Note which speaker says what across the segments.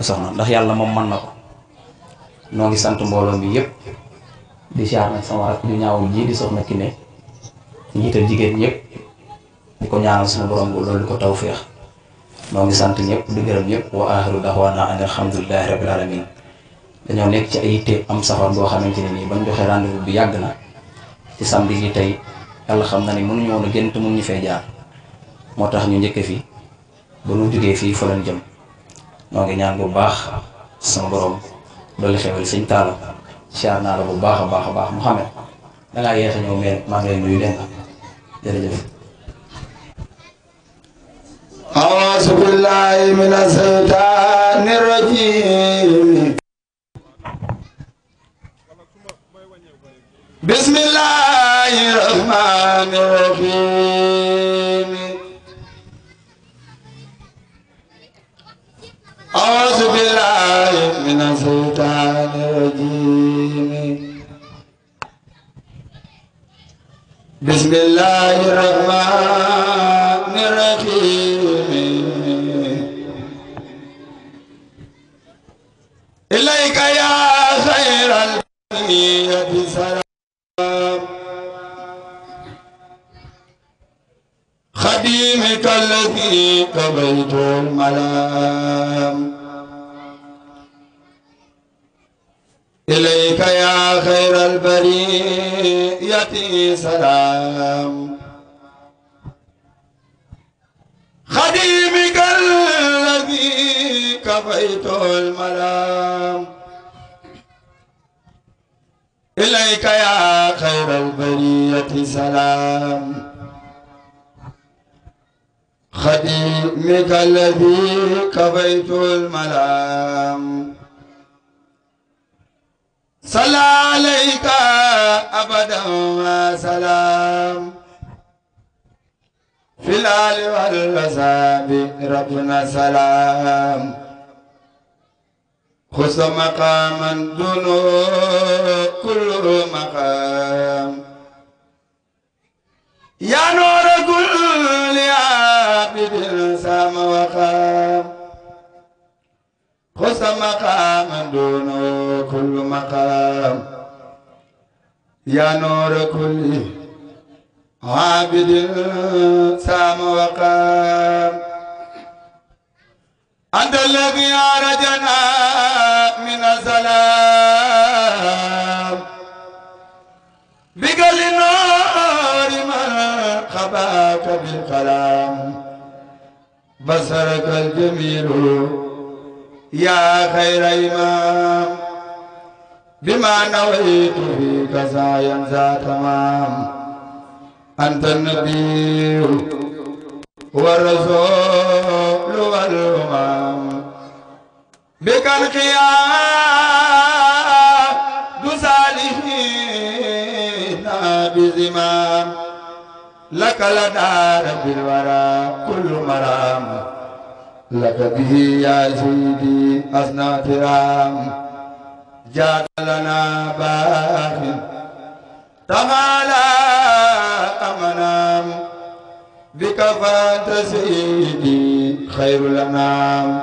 Speaker 1: soxna ndax yalla ya mom man na no ngi sant mbooloo bi yëpp di siyaar nag sama rak ñu ñaawul ji di soxna ne njiital jigéen ñëpp di ko ñaanal sama borom bu loolu di ko tawféex ngi sant ñep di gërem ñëpp wa aaxiru daxwaana alhamdulillahi rabbil alamin dañu nek ci ay te am safar bo xamanteni ni bañ joxe rendez-vous
Speaker 2: bi yag na ci samedi ji tay yalla xam na ni mënu ñu wona gënt mënu ñu fay jaar motax ñu ñëkke fi bu ñu jógee fi fa lañ jëm noo ngi ñaan
Speaker 1: bu baax sama borom dolli xewal sëñ taala siyaar na la bu baax a baax a baax
Speaker 3: Mouhamed dangaa yeex a ñëw maa ngi nuyu jërëjëf أعوذ بالله من الشيطان الرجيم بسم الله الرحمن أعوذ بالله من الشيطان الرجيم بسم الله الرحمن الرحيم إليك يا خير البنية خديمك الذي قبلت الملام إليك يا خير البرية سلام خديمك الذي كفيت الملام إليك يا خير البرية سلام خديمك الذي كفيت الملام صلى عليك أبدا سلام في الآل والأصحاب ربنا سلام خص مقاما دون كل مقام يا نور كل يا عابد سام وقام خص مقاما دونه كل مقام يا نور كل عابد سام وقام أنت الذي أرجنا من الظلام عليك بالقلم بصرك الجميل يا خير إمام بما نويت فيك سعيا ذا تمام أنت النبي والرسول والأمم بك القيام دسالحين بزمام لك لدار بالورى كل مرام
Speaker 4: لك به يا سيدي أصنع ترام
Speaker 3: جاد لنا باخ تمالا أمنام بك فانت سيدي خير الأنام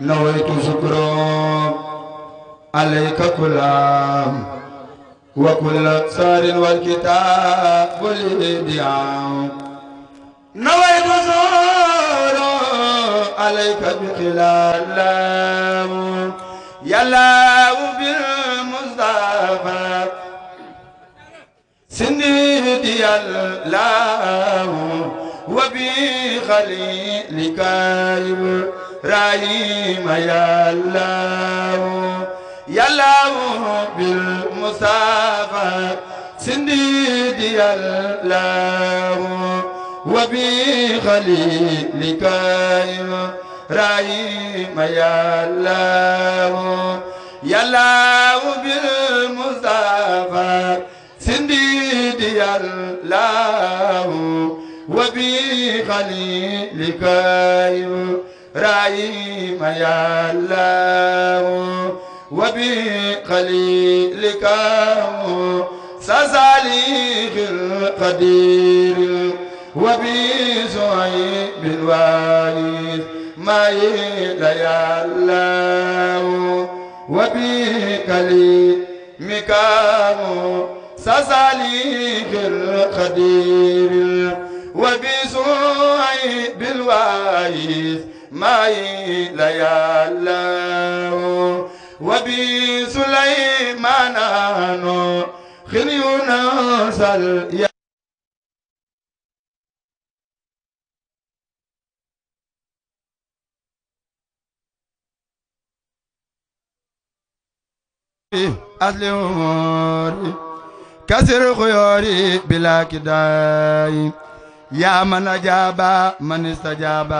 Speaker 3: نويت شكرا عليك كلام وكل صار والكتاب الإبداع نويت زور عليك بخلال يلا بالمصطفى سندي الله وبخليلك رحيم يا الله يلاو بالمصافى سندي الله وبي رحيم يا الله يا يلاو بالمصطفى سنديد يا الله وبخليلك راي ما يلاو وبخليلك سزاليخ القدير وبزعيب الوالد ما يا الله وبكلمك سزاليخ القدير وبزعيب الوالد ما يا الله وبي سليمان نخر
Speaker 4: يونس اليا
Speaker 3: أصل أموري كسر خيوري بلا كداي يا من أجاب من استجاب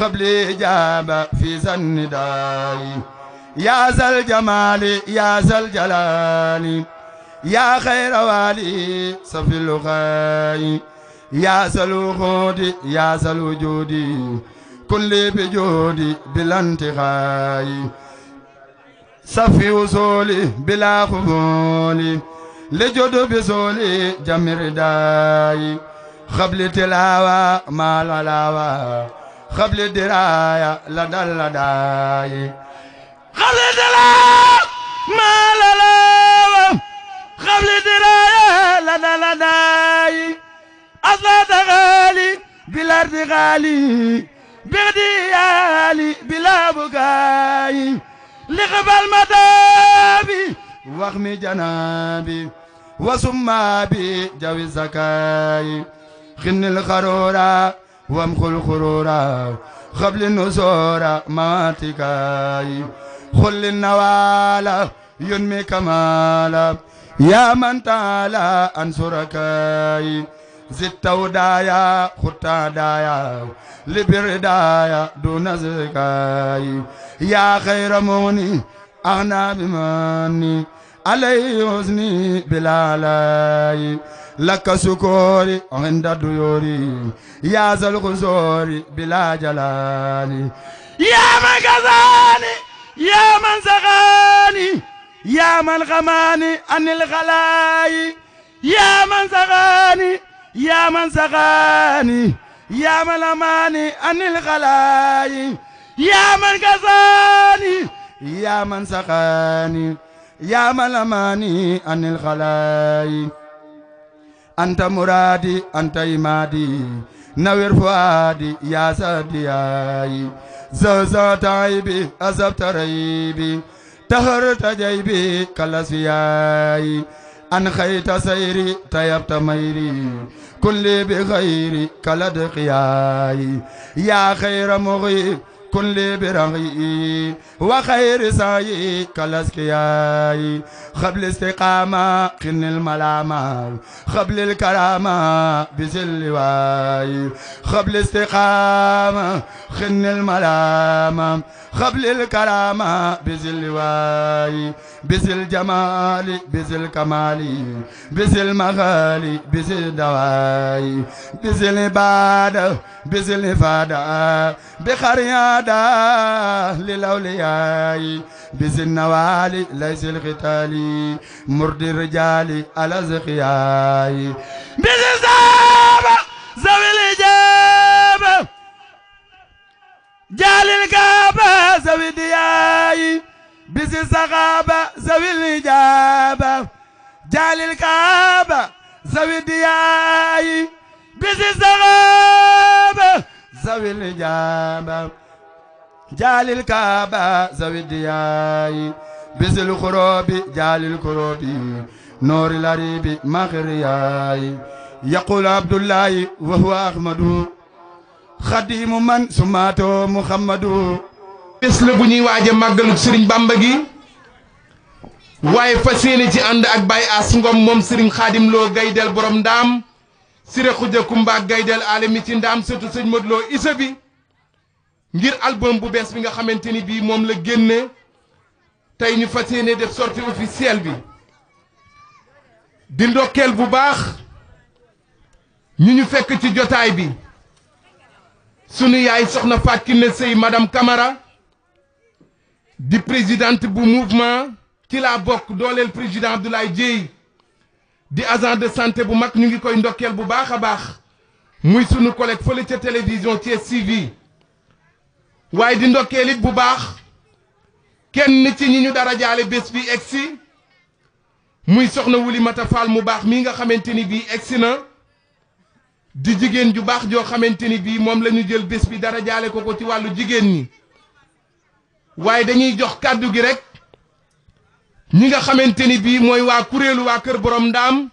Speaker 3: قبل إجابة في سنداي يا ذا الجمال يا ذا الجلال يا خير والي صفي اللغاي يا ذا الوجود يا ذا الوجود كل بجودي بلا انتهاء صفي وصولي بلا خفولي لجود بصولي جمر داي قبل تلاوة ما لا لاوة قبل دراية لدى لداي خلي دراية ما لا دراية لا لا لا أصلا غالي بالأرض غالي بغدي غالي بلا بقاي لقبل مدابي وخمي جنابي وسما بي جوي زكاي خن الخرورة وامخل الخرورة قبل النزورة ما تكاي خل النوال ينمي كمالا يا من تعالى أنصرك زدت ودايا خدت دايا لبردايا دون زكاي يا خير موني أغنى بماني علي حزني بلا لاي لك سكوري عند ديوري يا ذا الخزوري بلا جلالي يا مكزاني يا من زغاني يا من غماني عن الغلاي يا من زغاني يا من زغاني يا من أماني عن الغلاي يا من غزاني يا من زغاني يا من أماني عن الغلاي أنت مرادي أنت إمادي نوير فؤادي يا سدياي زوزات عيبي أزبت ريبي تهرت جيبي ان خيت سيري تيبت ميري كل بخيري دقياي يا خير مغيب كن لي برغي وخير سعي كالاسكياي خبل استقامة خن الملامة خبل الكرامة بزل واي خبل استقامة خن الملامة خبل الكرامة بزل واي بزل جمال بزل كمال بزل مغالي بزل دواي بزل باد بزل فادا بخريادا للأولياء بزل نوالي ليس القتال مرد الرجال على زخياي بزل زاب زوي الجاي jaalil kaaba zawil diyaayi bisi saxaaba zawil diyaayi bisi saxaaba zawil diyaayi bisil xuróobi jaalil xuróobi noori laribi maxriyaayi yaqul abdullahi wa huwa xadimu man sumaato muhammadu bés la bu ñuy
Speaker 5: waaj a màggalu sëriñ bàmba gi waaye fas yéene ci ànd ak Baye Ass Ngom moom sëriñ xaadim loo gaydel borom ndaam sire xuja kumba gaydel alami ci ndaam surtout sëñ isa bi ngir album bu bees bi nga xamante ni bii moom la génne tey ñu fas yéene def sortie officielle bi di ndokkeel bu baax ñu ñu fekk ci jotaay bi sunu yaay soxna madame Camara du Président du mouvement qui la bok le président de Dieye di agent de santé bu mak ñu ngi koy ndokkel bu baax muy collègue ci télévision Thiès TV di ndokkeel it bu baax kenn ci ñi ñu dara jaale bés bi egsi muy soxna Wuli Mata mu di jigéen ju baax joo xamante ni bii moom lañu jël bés bi dara jaale ko ko ci wàllu jigéen ñi waaye dañuy jox kàddu gi rek ñi nga xamante ni bii mooy waa kuréelu waa kër borom ndaam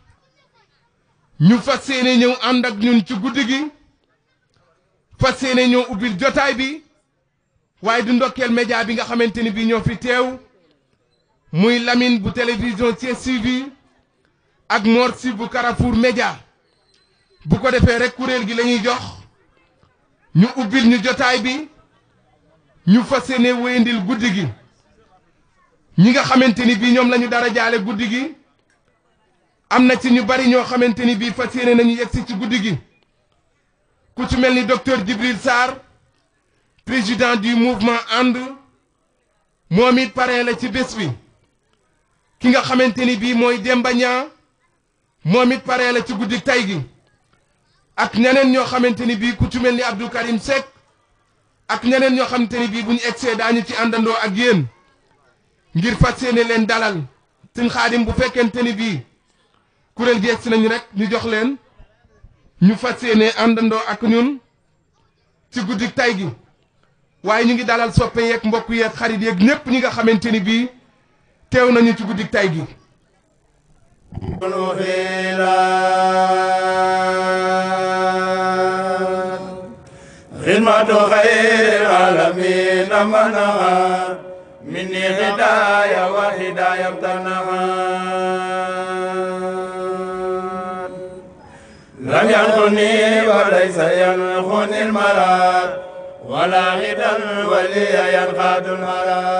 Speaker 5: ñu fa yéene ñëw ànd ak ñun ci guddi gi fas yéene ñëw ubbil jotaay bi waaye du ndokkeel média bi nga xamante ni bii ñoo fi teew muy lamin bu télévision Thiès TV ak morsi bu Carrefour Média bu ko defee rek kuréel gi lañuy jox ñu ubbil ñu jotaay bi ñu fas yéene wéyandil guddi gi ñi nga xamante ni bii ñoom lañu ñu dara jaale guddi gi am na ci ñu bari ñoo xamante ni bii fas yéene nañu yegsi ci guddi gi ku ci mel ni docteur Djibril Sarr président du mouvement And moom it parrain la ci bés bi ki nga xamante ni bii mooy Demba Niang moom it parrain la ci guddi tay gi ak ñeneen ñoo xamante ni bii ku ci mel ni Abdou Karim Seck ak ñeneen ñoo xamante ni bii bu ñu egsee daañu ci àndandoo ak yéen ngir faj yéene leen dalal suñ xaadim bu fekkente ni bii kuréel gi egsi nañ rek ñu jox leen ñu faj yéene àndandoo ak ñun ci guddi tay gi waaye ñu ngi dalal soppe yeeg mbokk yeeg xarit yéeg ñépp ñi nga xamante ni bii teew nañu ci guddi tay gi.
Speaker 3: أحمد خير
Speaker 4: العالمين منها
Speaker 3: مني هداية وهداية امتنها لم ينخني وليس ينخني المرار ولا غدا ولي ينخاد المرار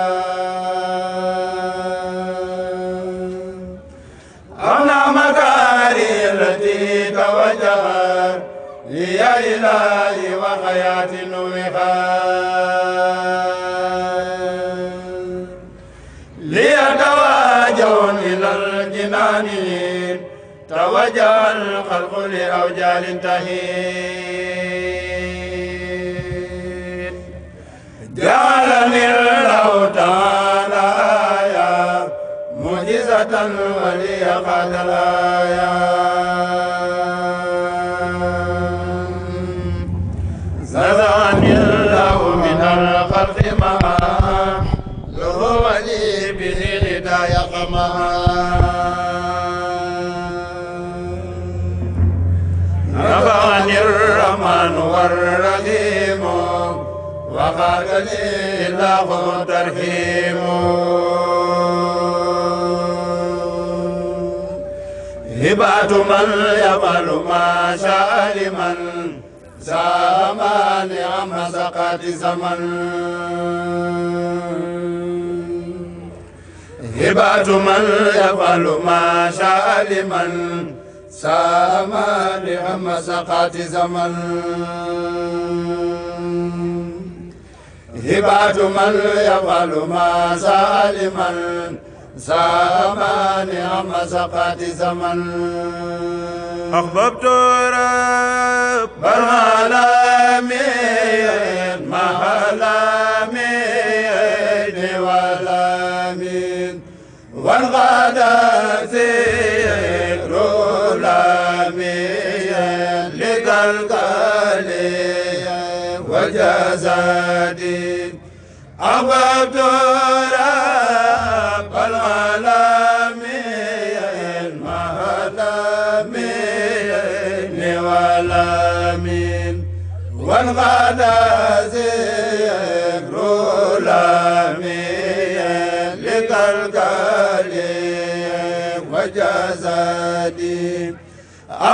Speaker 3: الإله وحياة لي ليتواجه إلى الجنان توجه الخلق لأوجال تهيد
Speaker 6: جعلني الله
Speaker 3: تعالى آية معجزة ولي قد الآيات هبات من يمل ما شاء لمن ساء ما نعم سقات زمن هبات من يفعل ما شاء لمن سام لهم سقات زمن هبات من يفعل ما شاء لمن سام لهم سقات زمن أخببت رب العالمين مهلا وانغاد ذكر الأمير لقلقلي وجزادي أبد رب العالمين مهلمين والأمين وانغاد ذكر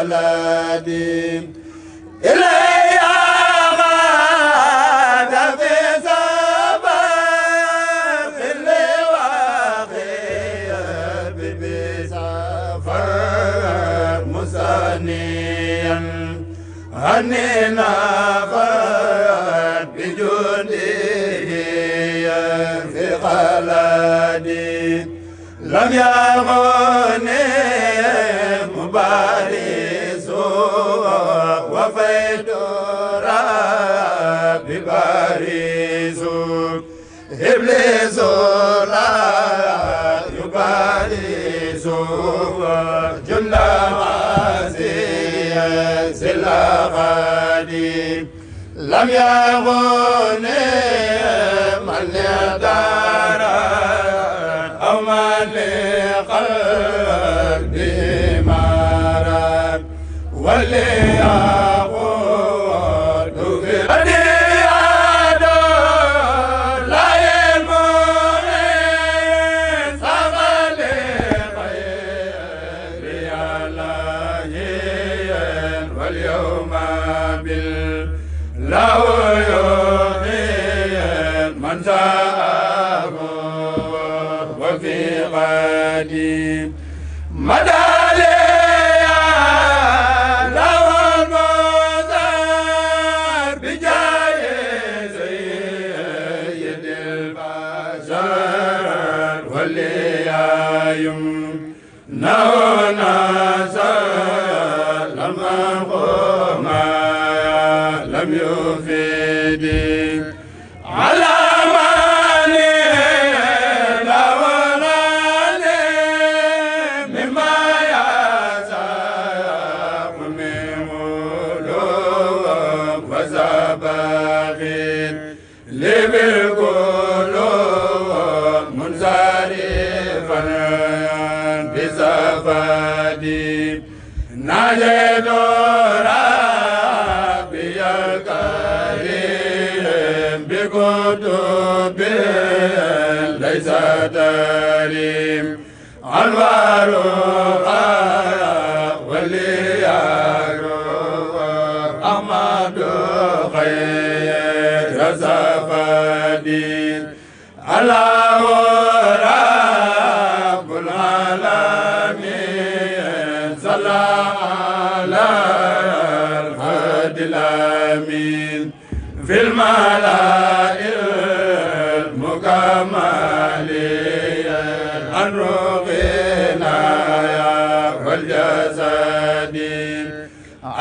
Speaker 3: ولدي إلي غاد في سفر اللي وخيب بسفر مسانيا هنينا فرد بجوده في قلدي لم يغني ذي الغالي لم يغني من يدار أو من ليس تريم أنوار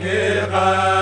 Speaker 3: Shakira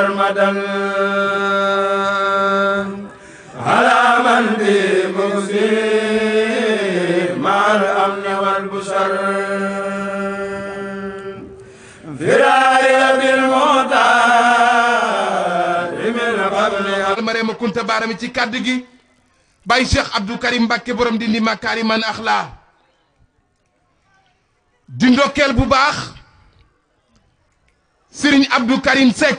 Speaker 3: سرمدا على من بمسير مع الأمن والبشر فراري بالمعتاد من
Speaker 5: قبل المريم كنت بارمي ci kàddu gi Baye Cheikh Abdou Karim Mbacké borom dindi makaariman axlaa di ndokkeel bu baax Serigne Abdou Karim Seck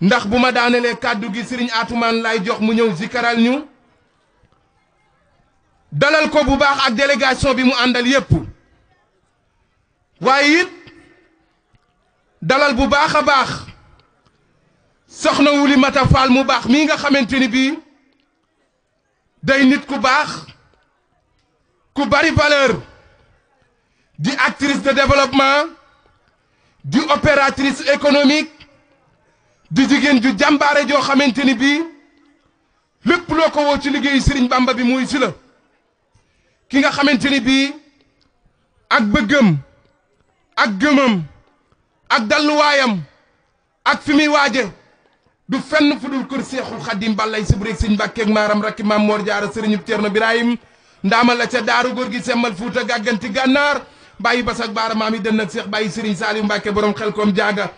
Speaker 5: ndax buma ma daanelee kàddu gi sëriñ Atumaan lay jox mu ñëw zikaral ñu dalal ko bu baax ak délégation bi mu àndal yépp waaye it dalal bu baax a baax soxna Wuli Mata faal mu baax mii nga xamante ni day nit ku baax ku bari valeur di actrice de développement di opératrice économique di jigéen ju jàmbaare joo xamante ni bii lépp loo ko woo ci liggéey Serigne Bamba bi muy si la ki nga xamante ni bii ak bëggam ak gëmam ak dalluwaayam ak fi muy waaje du fenn fu dul kër seexul xaddim ballay sibréeg sëñ mbàkkeeg maaram rakki maam moor jaara sëriñub Ceerno Birahim ndaama la ca daaru góor gi semmal fuuta gàgganti gànnaar bàyyi basak baara maam yi dënn ak seex bàyyi sëriñ saaliw mbàkke borom xel koom jaaga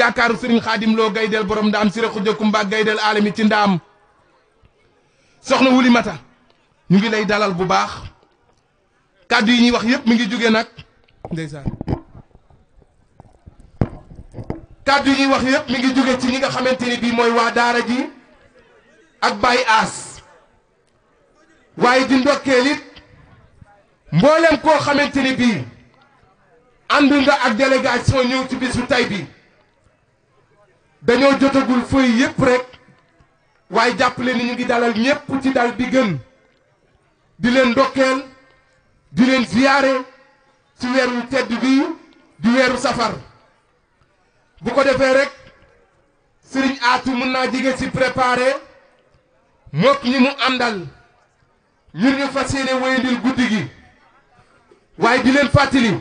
Speaker 5: yaakaaru serigne khadim lo gaydel borom ndaam sire raxu jëkkum mbaa gaydel alami ci ndam soxna wuli mata ñu ngi lay dalal bu baax kàddu yi ñi wax yépp mi ngi jóge nak ndeysaan kàddu yi wax yépp mi ngi jóge ci ñi nga xamanteni bi moy wa waa daara ji ak bay as waye di ndoké lit mboolem ko xamanteni bi andu nga ak délégation ñëw ci bisu tay bi dañoo jotagul feuille yépp rek waaye jàppale ni ñu ngi dalal ñépp ci dal bi gën di leen ndokkeel di leen ziyaare ci weeru tedd bi di weeru safar bu ko defee rek sëriñ aatu mën naa jege ci préparé mook ñi mu àndal ñun ñu fas yéene wéyandil guddi gi waaye di leen fàttali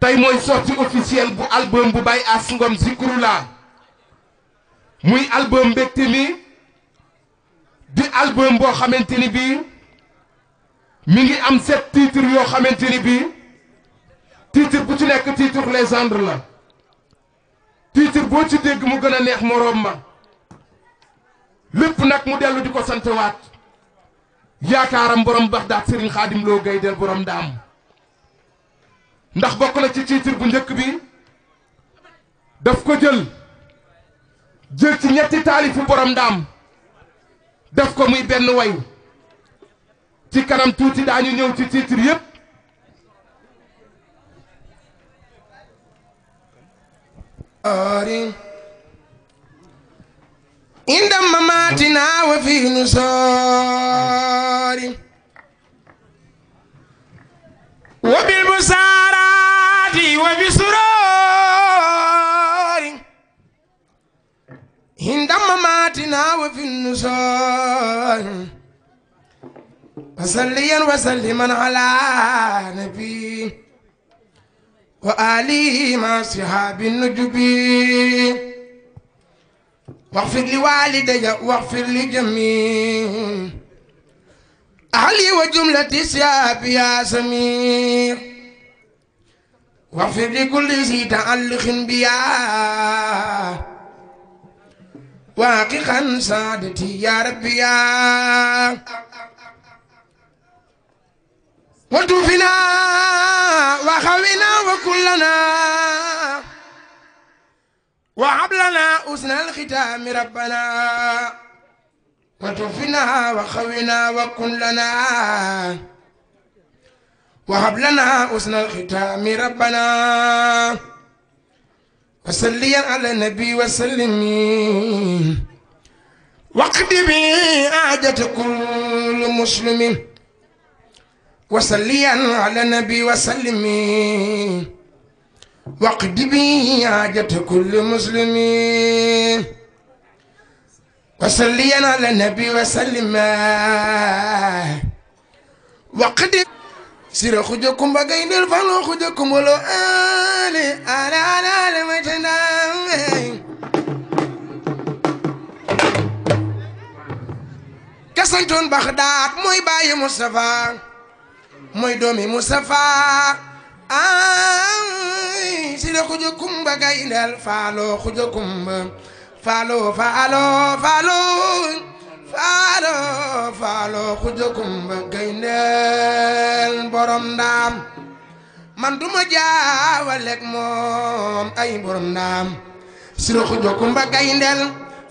Speaker 5: tey mooy sortie officielle bu album bu Baye Ass Ngom Zikroulah muy album bekti mi di album bo xamanteni bi mi ngi am sept titres yo xamanteni bi titre bu ci nek titre légende la titre bo ci deg mu gëna neex morom ma lépp nak mu delu diko sante wat waat yaakaaram borom bax daat Serigne Khadim Lo gay del borom daam ndax bokk na ci titre bu njëkk bi daf ko jël. jël ci ñetti taalifi borom ndaam def ko muy benn way ci kanam tuuti daañu ñëw ci titre yépp
Speaker 3: ari indam mamaatina wa fi nusoori wa wa bi suroo مماتنا وفي النشور وصليا وسلما على نبي وآله مع صحاب النجب واغفر لوالدي واغفر لجميع أهلي وجملة سياب يا سمير واغفر لكل ذي تعلق بيا واقعا سعادتي يا ربي يا وتوفنا وخوينا وكلنا وعبلنا لنا الختام ربنا وتوفنا وخوينا وكلنا وهب لنا حسن الختام ربنا وصلي على النبي وسلم واقدمي حاجة كل مسلم وصلي على النبي وسلم واقدمي حاجة كل مسلم وصلي على النبي وسلم وقد sira xuja kumba gayndel falo xuja kumbolo ale ale ale ale matanam ka saytoon baxdaat mooy baayu Moustapha mooy doomi faalo faalo xuja kumba gayndeel borom ndaam man duma jaawaleek moom ay borom ndaam siro xuja kumba gayndeel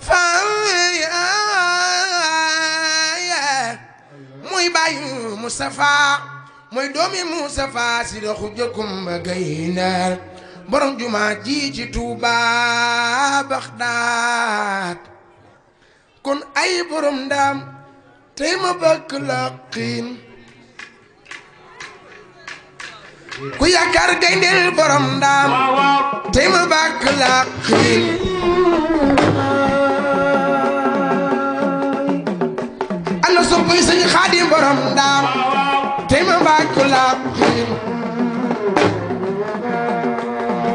Speaker 3: faaya muy baayu Mustafa muy doomi Mustafa siro xuja kumba gayndeel borom jumaa ji ci Tuuba kon ay borom ndaam tey ma bakk laa xiin ku yaakaar gayndeel borom ndaam tey ma bakk laa xiin ana soppuy sëñ xaadim borom ndaam tey ma bakk laa xiin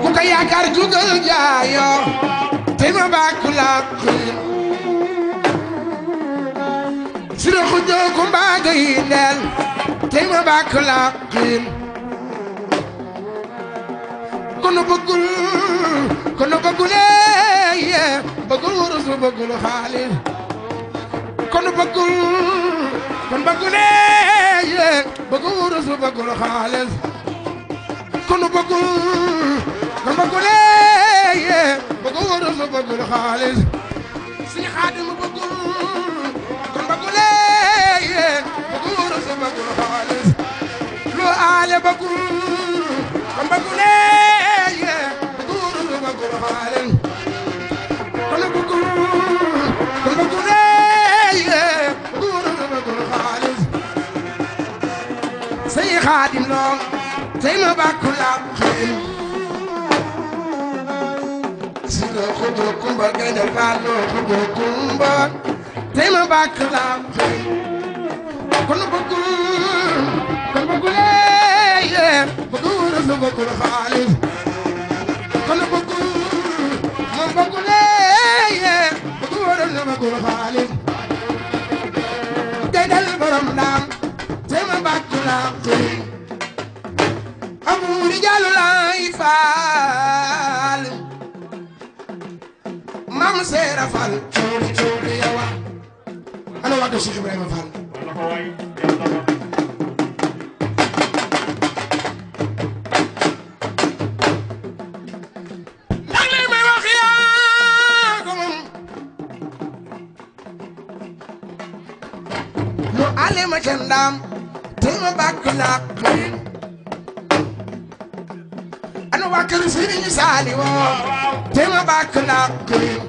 Speaker 3: ku ko yaakaar jugal jaayoo tey ma bakk laa xiin sira xujooku mbaaga yi ndeel tey ma bàkk laa xiin kono bëggul kono bëggulee ye bëggul wurus bëggul xaalis kono bëggul kono bëggulee ye bëggul wurus leen bëggul su xaalis lu aale bëggul kon bëggul yéen bëggul su xaalis kon bëggul xaalis say xaadim lool say ma bàkku laa xiin si xudu kumba gaynde faal loo xudu kumba say ma bàkku laa كن بقول كن بقول ايه بقول رسول بقول خالد كن بقول من بقول ايه بقول رسول بقول خالد جدل برم نام تم بقول تري أبو رجال لا يفعل مام سيرفال توري توري يوا أنا واقع شيخ إبراهيم فال Tell me about to Cream.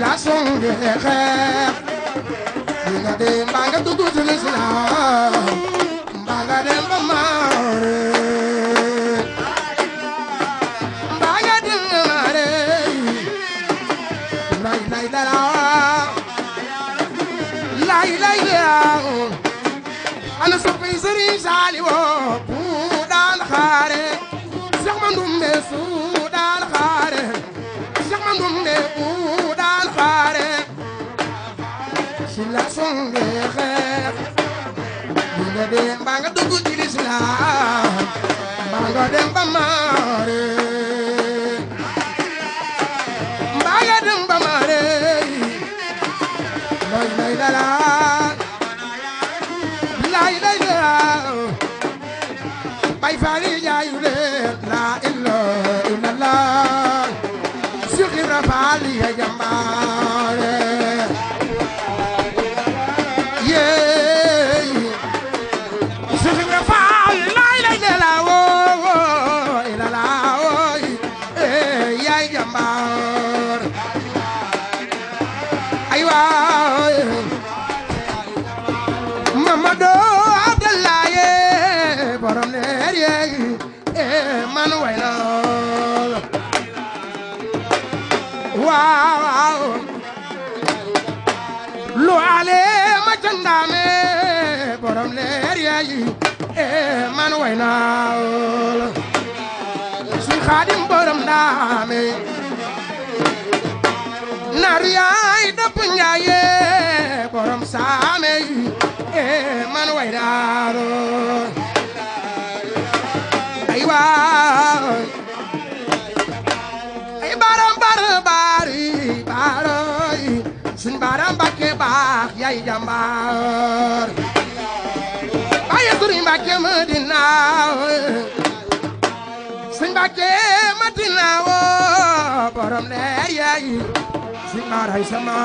Speaker 3: la songe xeex dinga dem ba nga dugg ci lislaam ba nga dem ba maare ba nga dem ba maare lay lay la lay lay la ana soppay Sëriñ Saaliw ngay xeex bu nga dem ba nga ci lislaam ba nga dem ba ma leer yeegi man way na loola lu ale ma candaame borom leer yeegi man way na loola xaadim borom ndaame
Speaker 4: naar yaay dapp njaaye
Speaker 3: borom saame man way daalo yaay jàmbaar baaye sëriñ Mbàkke Madina sëriñ Mbàkke Madina woo borom leer yaay si maaray sama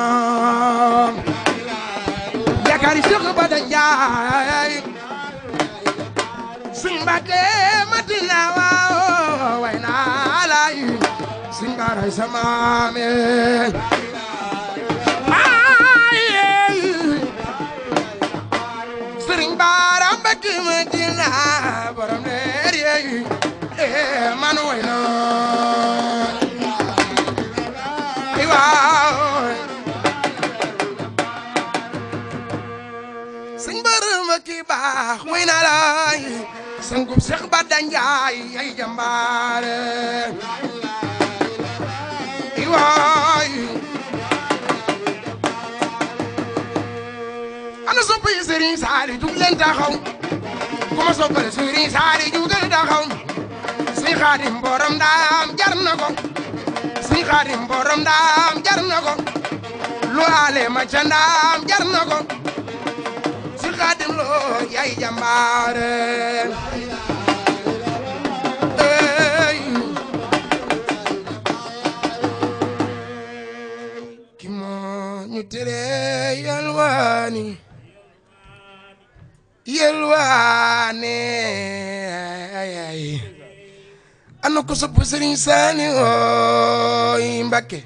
Speaker 3: yaakaari Seex Bada Njaay sëriñ Mbàkke Madina woo way naa lay si maaray sama baaraam ba oh. ki Madina borom leer yeeyi man way naa waaw sëñ baaraam baax way naa laay sangub Seex Bada Njaay ay jambaare waaw oh. sopp Serigne Saliou jug leen taxaw ku ma soppal Serigne Saliou jugal taxaw Serigne Khadim borom daam jar na ko Serigne Khadim borom daam jar na ko lu ale ma ca ndaam jar na ko Serigne Khadim lo yaay jambaare ñu tere yalwaani yelwaane ana ko sopp sëriñ saali ooy mbakke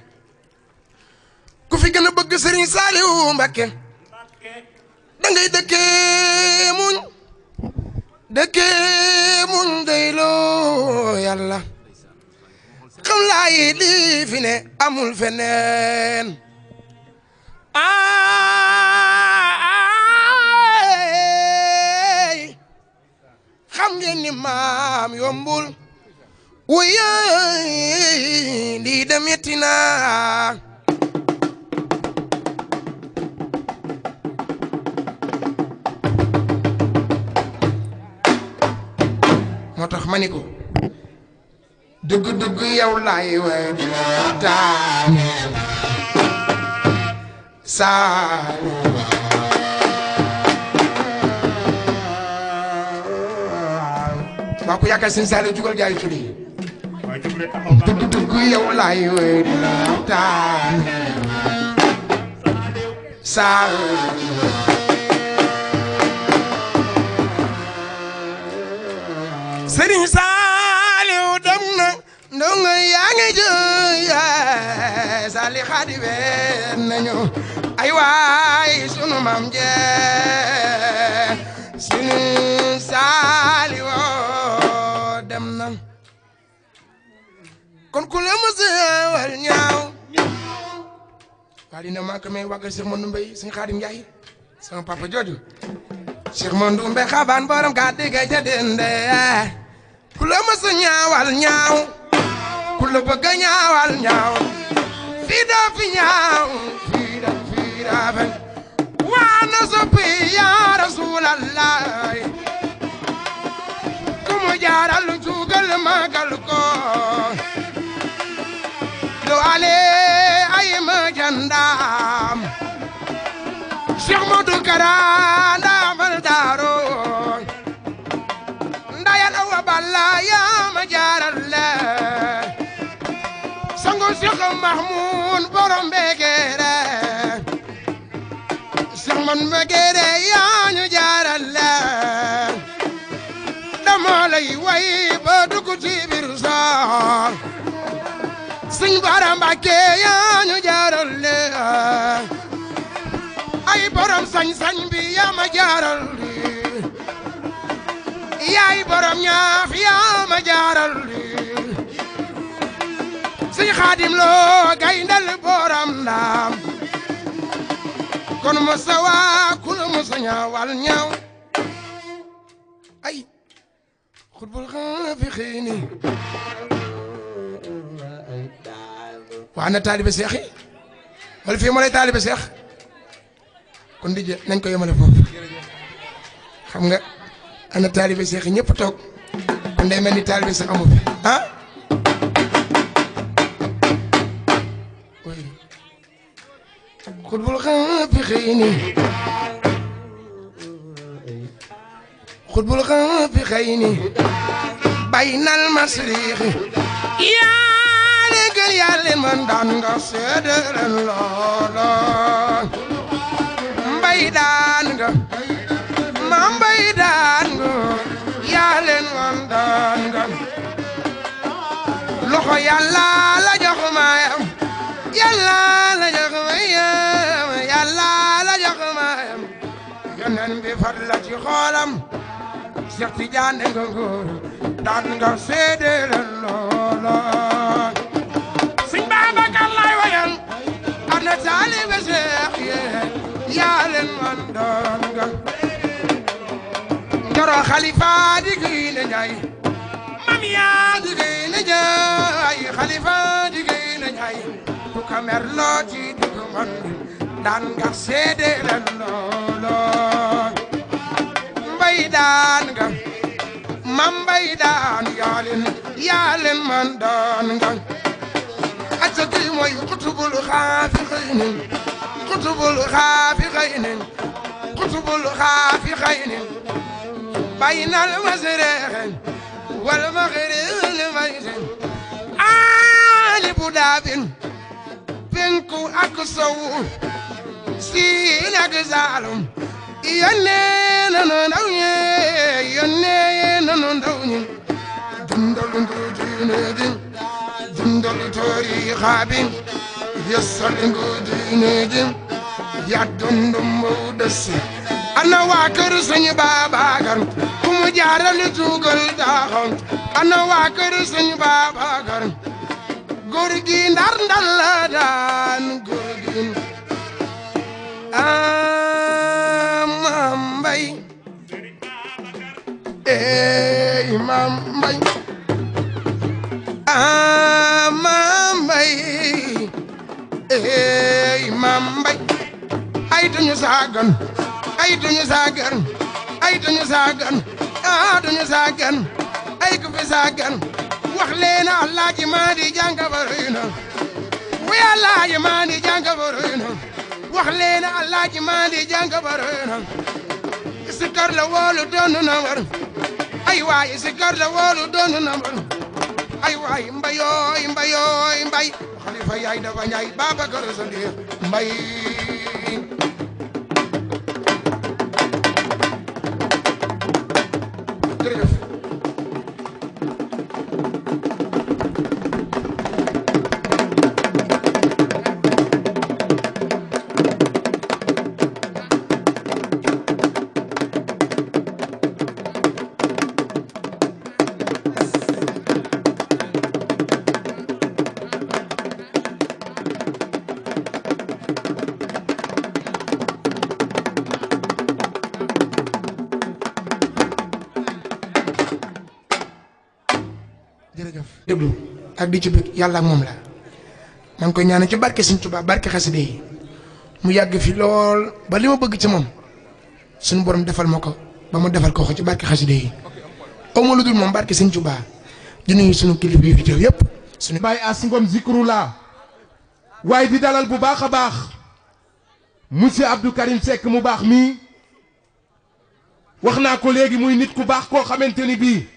Speaker 3: ku fi gën a bëgg sëriñ saali wu mbakke dangay dëkkee muñ dëkkee muñ dayloo yàlla xam laa yi amul feneen aa ah, ah, ah. xam ngeen ni maam yombul wuyee lii de metti naa moo tax ma ni ko dëgg-dëgg yow laay way dina taane saa maa ko yaakaar sëñ jugal jaay turi dugg dugg yow laay wéy taan saa sëriñ Saliou dem na ndongo yaa ngi jëy Sali xaadi ween nañu ay waay sunu mam jee sunu kon ku la ñaaw waa dina maa ko may wàggal Cheikh Mandou Mbaye suñu Xaadim Njaay sama papa jooju Cheikh Mandou Mbaye xaabaan borom kaa digga dende ku la ñaawal ñaaw ku ñaawal ñaaw fii fi ñaaw fii daa fii waa na soppi yaa rasuulallahi ku mu jaaral lu tuugal magal ko lo ale ay ma jandam Cheikh Modou Kara ndamal daaro ndayan awa balla ya ma jaral la sango Cheikh Mahmoud borom begere Cheikh man begere ya ñu jaral la dama lay way ba dugg ci biir Sëñ Bara Mbàkke yaa ñu jaaral le ay borom sañ-sañ bi yaa ma jaaral le yaay borom ñaaf yaa ma jaaral le Sëñ Xaadim Lo gayndal borom ndam kon mosa waa kula mosa ñaawal ñaaw ay xutbul xaafixiini waa na taalibe seex yi wala fii moo lay taalibe seex kon di jë nañ ko yemale foofu xam nga ana taalibe seex yi ñëpp toog kon day mel ni taalibe seex amu fi ah. xutbul xaafixiini xutbul xaafixiini baynal masriixi yaa déggal yàlla man daan nga seede loola mbay daan nga ma mbay daan nga yàlla man daan nga loxo yàlla la jox ma yàlla la jox ma yàlla la bi far la ci xoolam Cheikh Tidiane nga daan nga seede loola yaaleen man doon nga Coro Khalifa di Gaynde Njaay mam yaa di Gaynde Njaay Khalifa di Gaynde Njaay ku ko loo ci dugg man daan nga seede leen loolo mbay daan nga mam mbay daan yaaleen yaaleen man doon nga te kii mooy xutubul xaafi xaynin xutubul xaafi xaynin xutubul xaafi xaynin wal maxril mayten aali bu daabin penku ak sowu siin يد تريخاب يسن دينجم يدن مودس أنا واكر سني بابا كان كم جارل توغل داخم أنا واكر سني بابا كان غورغي ندار ندلدان غورغي آم مام باي إيه مام باي ah maam mbay eh maam mbay ay duñu saagan ay duñu saagan ay duñu saagan ah duñu saagan ay ku fi saagan wax leen jàng bari na wuy alaaji jàng bari na wax leen jàng bari na woolu doon na war ay waay sikar woolu doon na war ay waay mbayooy mbayooy mbay xalifa yaay dafa bi jublu yàlla ak moom la maa ngi koy ñaanal ci barke Sëñ Tuubaa barke xaside yi mu yàgg fi lool ba li ma bëgg ci moom suñu borom defal ma ko ba mu defal ko ci barke xaside yi aw ma lu dul moom barke Sëñ Tuubaa di nuyu suñu kilifa
Speaker 5: yi fi teew yëpp suñu bàyyi as ngom zikru laa waaye di dalal bu baax a baax monsieur Abdou Karim Seck mu baax mii wax naa ko léegi muy nit ku baax koo xamante ni bii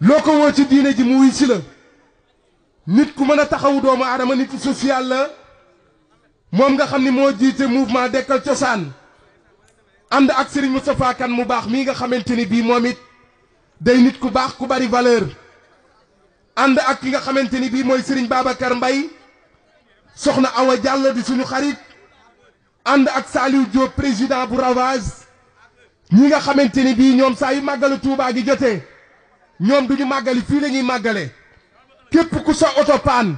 Speaker 5: loo ko woo ci diine ji mu wuy si la nit ku mën a taxawu doomu adama nit social la moom nga xam ni moo jiite mouvement dekkal cosaan ànd ak sëriñ Moustapha Kane mu baax mii nga xamante ni bii moom it day nit ku baax ku bari valeur ànd ak ki nga xamante ni bii mooy Serigne Babacar mbay soxna Awa Diallo di suñu xarit ànd ak Saliou Diop président bu Ravage ñi nga xamante ni bii ñoom saa yu màggalu Touba gi jotee ñoom duñu màggali fii la ñuy màggale képp ku sa oto paan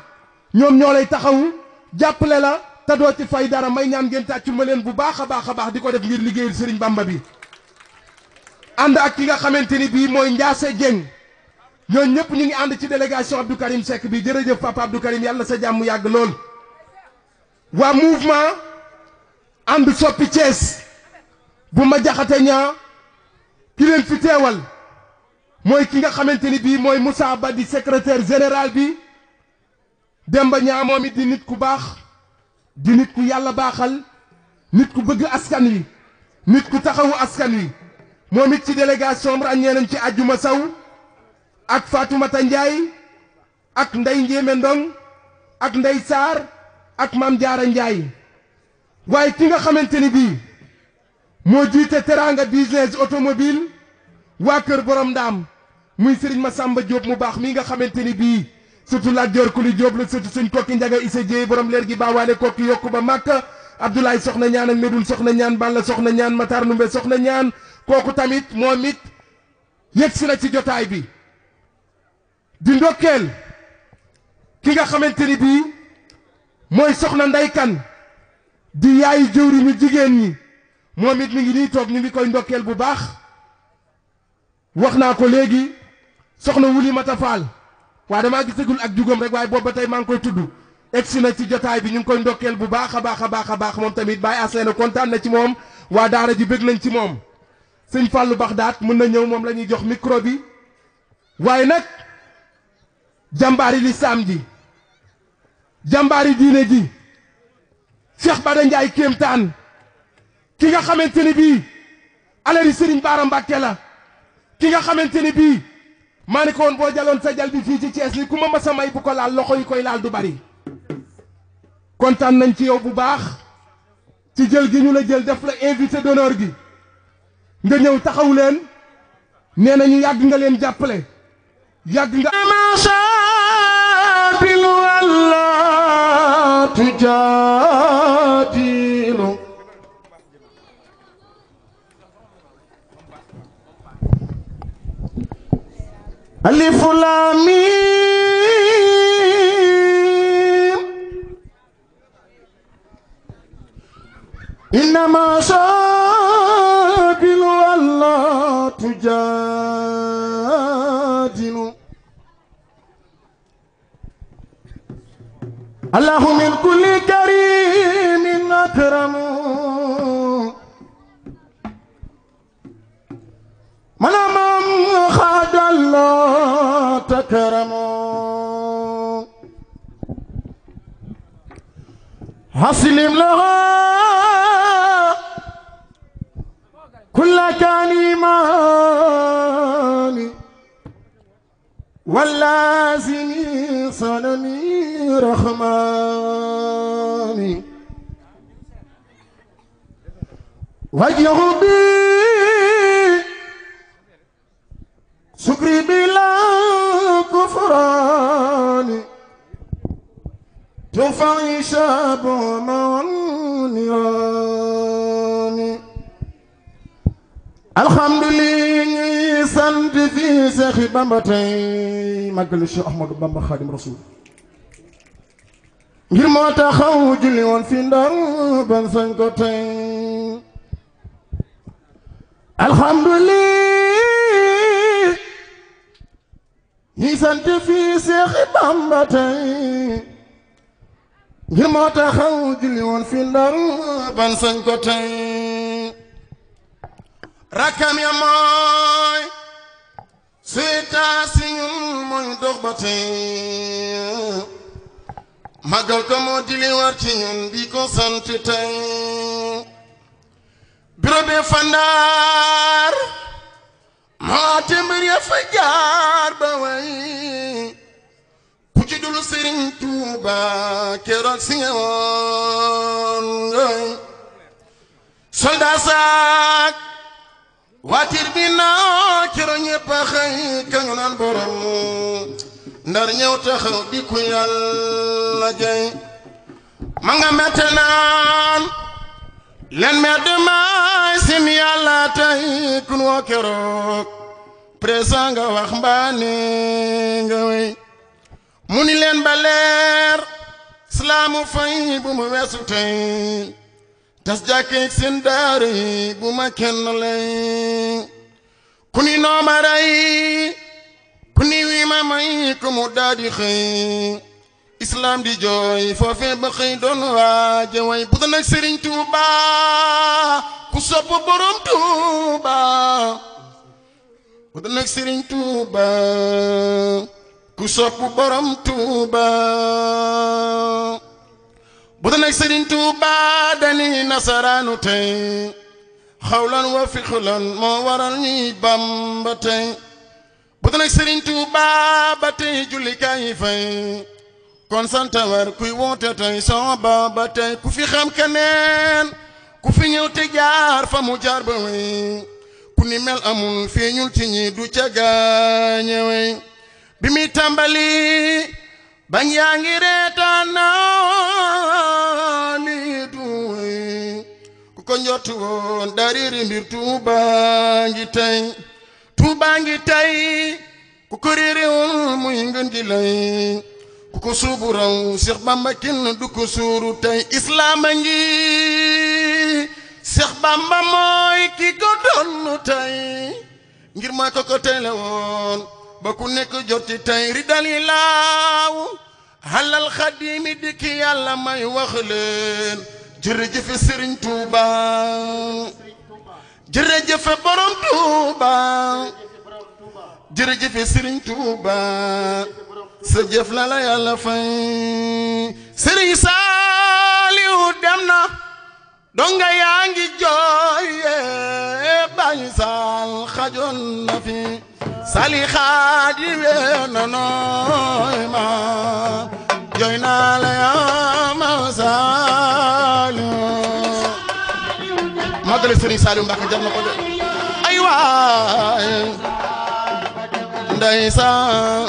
Speaker 5: ñoom ñoo lay taxawu jàppale la te doo ci fay dara may ñaan ngeen tàccu ma leen bu baax a baax a baax di ko def ngir liggéeyal Serigne Bamba bi ànd ak ki nga xamante ni bii mooy Ndiasse jeng ñooñu ñëpp ñu ngi ànd ci délégation Abdou Karim Seck bi jërëjëf papa Abdou Karim yàlla sa jàmm yàgg lool waa mouvement ànd soppi Thiès bu ma jaxate ñaa ki leen fi teewal mooy ki nga xamante ni bii mooy Moussa Ba di secrétaire général bi Demba Ñaa moom it di nit ku baax di nit ku yàlla baaxal nit ku bëgg askan wi nit ku taxawu askan wi moom ci délégation ràññee nañ ci Ajuma Saw ak Fatoumata Ndiaye ak Ndey Njéeme Ndong ak Ndey Saar ak Maam Jaara Ndiaye waaye ki nga xamante ni bii moo jiite Teranga business automobile waa kër borom ndaam muy sëriñ sàmba Diop mu baax mii nga xamante ni bii surtout Lat Dior Kuli Diop la surtout suñ kokki njaga isa jéey borom leer gi baawaale kokki yokku ba màkka Abdoulaye soxna ñaan ak Medoune soxna ñaan Balla soxna ñaan Matar Numbe soxna ñaan kooku tamit moom it yëg si na ci jotaay bi di ndokkeel ki nga xamante ni bii mooy soxna ndeykan di yaayu jëwriñu jigéen ñi moom it mi ngi nii toog ñu ngi koy ndokkeel bu baax wax naa ko léegi soxna wuli mata faal waa damaa gisagul ak jugam rek waaye boobu ba tey maa ngi koy tudd egsi na ci jotaay bi ñu ngi koy ndokkeel bu baaxa a baax baax baax moom tamit Baye na kontaan na ci moom waa daara ji bëgg nañ ci moom sëñ Fallou Baxdaat mën na ñëw moom la ñuy jox micro bi waaye nag jàmbaari lislaam ji jàmbaari diine ji Cheikh Bada Ndiaye kéemtaan ki nga xamante ni bii aleri Serigne Bara Mbàkke la ki nga xamante ni bii maa ni ko boo jaloon sa jal bi fii ci Thiès li ku ma mas a may bu ko laal loxo yi koy laal du bari kontaan nañ ci yow bu baax ci jël gi ñu la jël def la invité d'honneur gi nga ñëw taxaw leen nee nañu yàgg nga leen jàppale yàgg nga
Speaker 3: masaabil walla tujaa ألف لام إنما شاكل ولا تجادل الله من كل كريم أكرم من من خاد الله تكرم حسلم لها كل كان إيماني واللازم صنمي رحماني وجه بي شكري بلا كفران تفعي شاب مونيان
Speaker 4: الحمد لله سند في سخي بامبا تي ماغل الشيخ احمد بامبا خادم رسول ngir moo taxaw julli woon fi ndar ban sañ ko tey
Speaker 3: alhamdulillah ñuy sant fii Seexi Bamba tey ngir moo taxaw julli woon fi Ndar ko tey rakkam ya mooy suy taas ñun mooy dox ba tey màggal ko moo di war ci ñun di ko sant tey bureau bi moo timbar ya fa jaar ba way ku ci dul sëriñ tuuba keroog si nga ngay soldat waatir bi naa keroog ñëpp a xëy kañu naan borom ndar ñëw taxaw di ku yàlla jay ma nga mette naan len medd maay sin yàlla tey
Speaker 4: kun woo keroog présent nga wax mbaane nga wey mu ni leen ba leer islaamu fay bu mu weesu tey tas jàkkeeg seen bu ma kenn lay
Speaker 3: ku nooma rey ku ni may ku mu daadi islaam di jooy foofee ba xëy doon waaje way bu doon tuuba ku sopp borom tuuba
Speaker 4: bu doon tuuba ku sopp tuuba bu doon ak tey xawlan wa fixlan moo waral ñuy bamba tey bu doon tuuba ba tey jullikaay fay kon santamar kuy woote tey soo ba ba ku fi xam keneen ku fi ñëw te jaar fa mu jaar ba wey ku ni mel amul fii ñul ci ñi du ca gaañewey bi muy tàmbali
Speaker 3: bañ yaa ngi reetaan naa
Speaker 4: lii du wey ku ko njortu woon dariri mbir tuubaa ngi tey tuubaa ngi tey ku ko réerewul muy ngën gi lay ko suubu raw Cheikh Bamba kenn du ko suuru tey islaama ngi Cheikh Bamba mooy ki ko doon tey ngir ma ko ko tele woon ba ku nekk jot ci tey ridal yi laaw halal xadiimi di yàlla may wax leen jërëjëf Serigne Touba jërëjëf Borom Touba jërëjëf Serigne Touba
Speaker 3: sa jëf la la yàlla fay sëriñ dem na donga yaa ngi jooye bañu saal xajoon na fi sali xaadime nonoy ma jooy naa la yaa ma
Speaker 4: saaliw magal sëriñ saaliw Mbàkke na ko de ay waay ndeysaan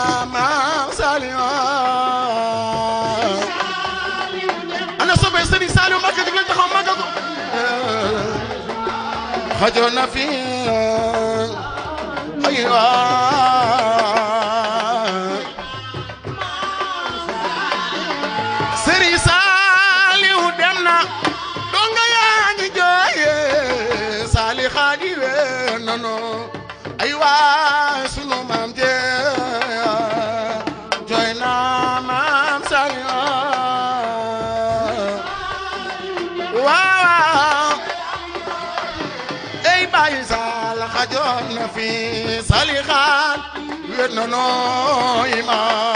Speaker 4: حجنا
Speaker 3: فيه أيوه Ah.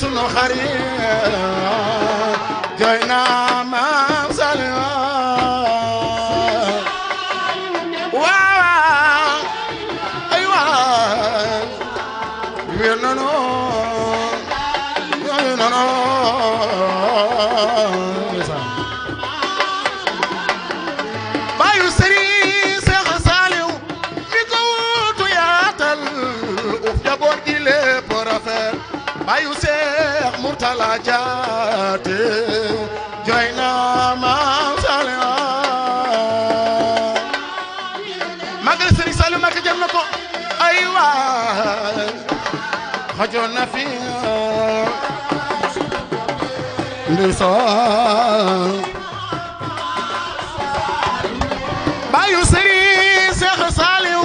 Speaker 3: sunu xarit jooy naa جن فيها
Speaker 4: لصال
Speaker 3: بايو سري شيخ ساليو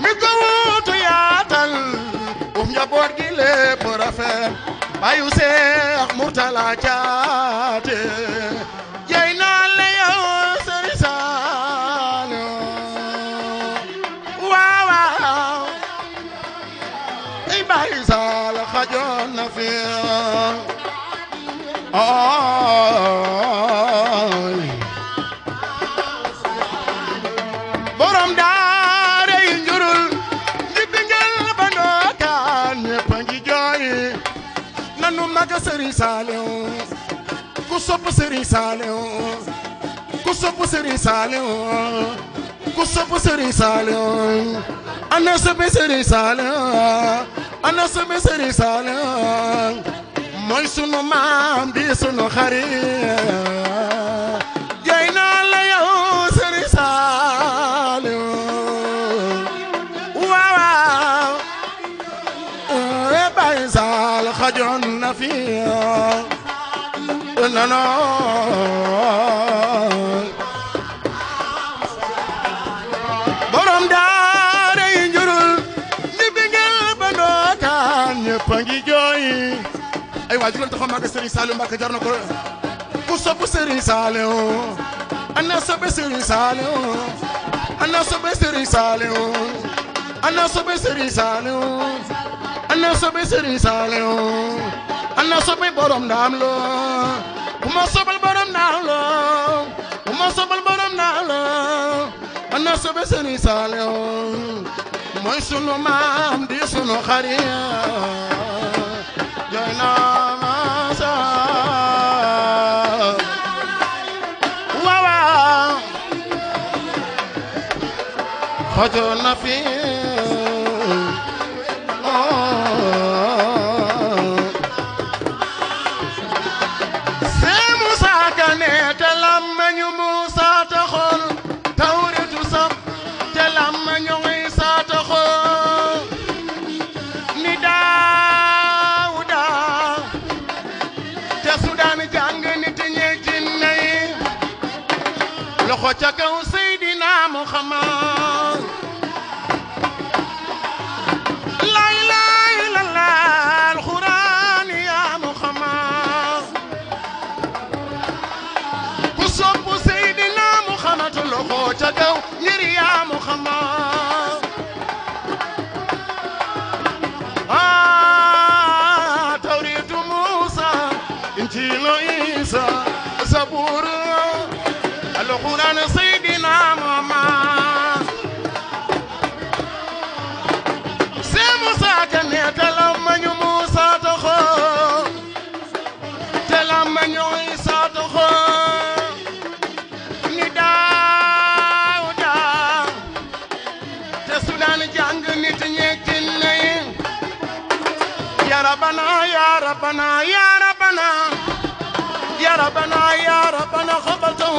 Speaker 3: ميكوت ياتال ام جابور جي لي برافه بايو شيخ مرتلا جاتي فيها borom yi njurul njëkk njël ba nookaan ñëpp a ngi nanu maga sëriñ Saaliw ku sopp sëriñ Saaliw ku sopp sëriñ Saaliw ku sopp sëriñ Saaliw ana sama sëriñ Saala mooy sunu maam di sunu xarit jay naa la yow sëriñ Saala waaw Baay Saal xajoon na fi non non
Speaker 4: ñoo ngi jooy ay waa jugal taxaw màgg Serigne Saliou Mbacke jar na ko ku sopp Serigne Saliou ana soppe Serigne Saliou
Speaker 3: ana soppe Serigne Saliou ana soppe Serigne Saliou ana soppe Serigne Saliou ana soppe borom ndaam lo bu ma sobal borom ndaam lo bu ma sobal borom ndaam lo ana soppe Serigne Saliou mooy sunu maam di sunu xarit jooy naa ma saa waaw xojoo na fi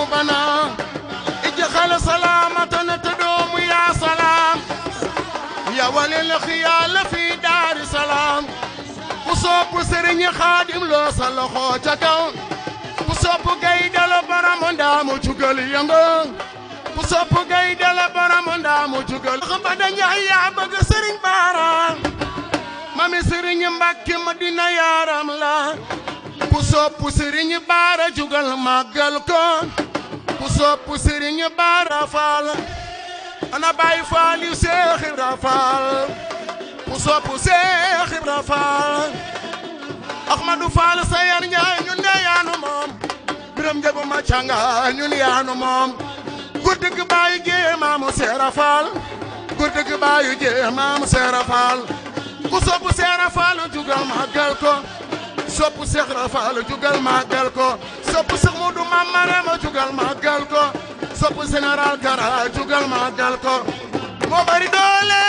Speaker 3: ذنوبنا اجعل سلامتنا تدوم يا سلام يا ولي الخيال في دار سلام وصوب سرني خادم لو سلخو جاكو وصوب قيدل برام دامو جوغل ينغو وصوب قيدل برام دامو جوغل خبدا يا بغ سرين بارا mami sëriñ Mbàkke Madina yaaram la ku sopp sëriñ Baara jugal màggal ko sopp Sëriñ Bara Fall ana Baay Faal yu Seex Ibra Fall ku sopp Seex Ibra Fall Ahmadu Fall Sayar Njaay ñun de yaanu moom Biram Njagu ma canga ñun yaanu moom góor dëgg baayu jee maamu Seera Fall góor dëgg baayu jee maamu Seera Fall ku sopp Seera Fall jugal màggal ko sopp Seera Fall jugal màggal ko sopp Seex Moodu Maam Marema jugal màggal ko sopp général Kara jugal màggal ko moo bari doole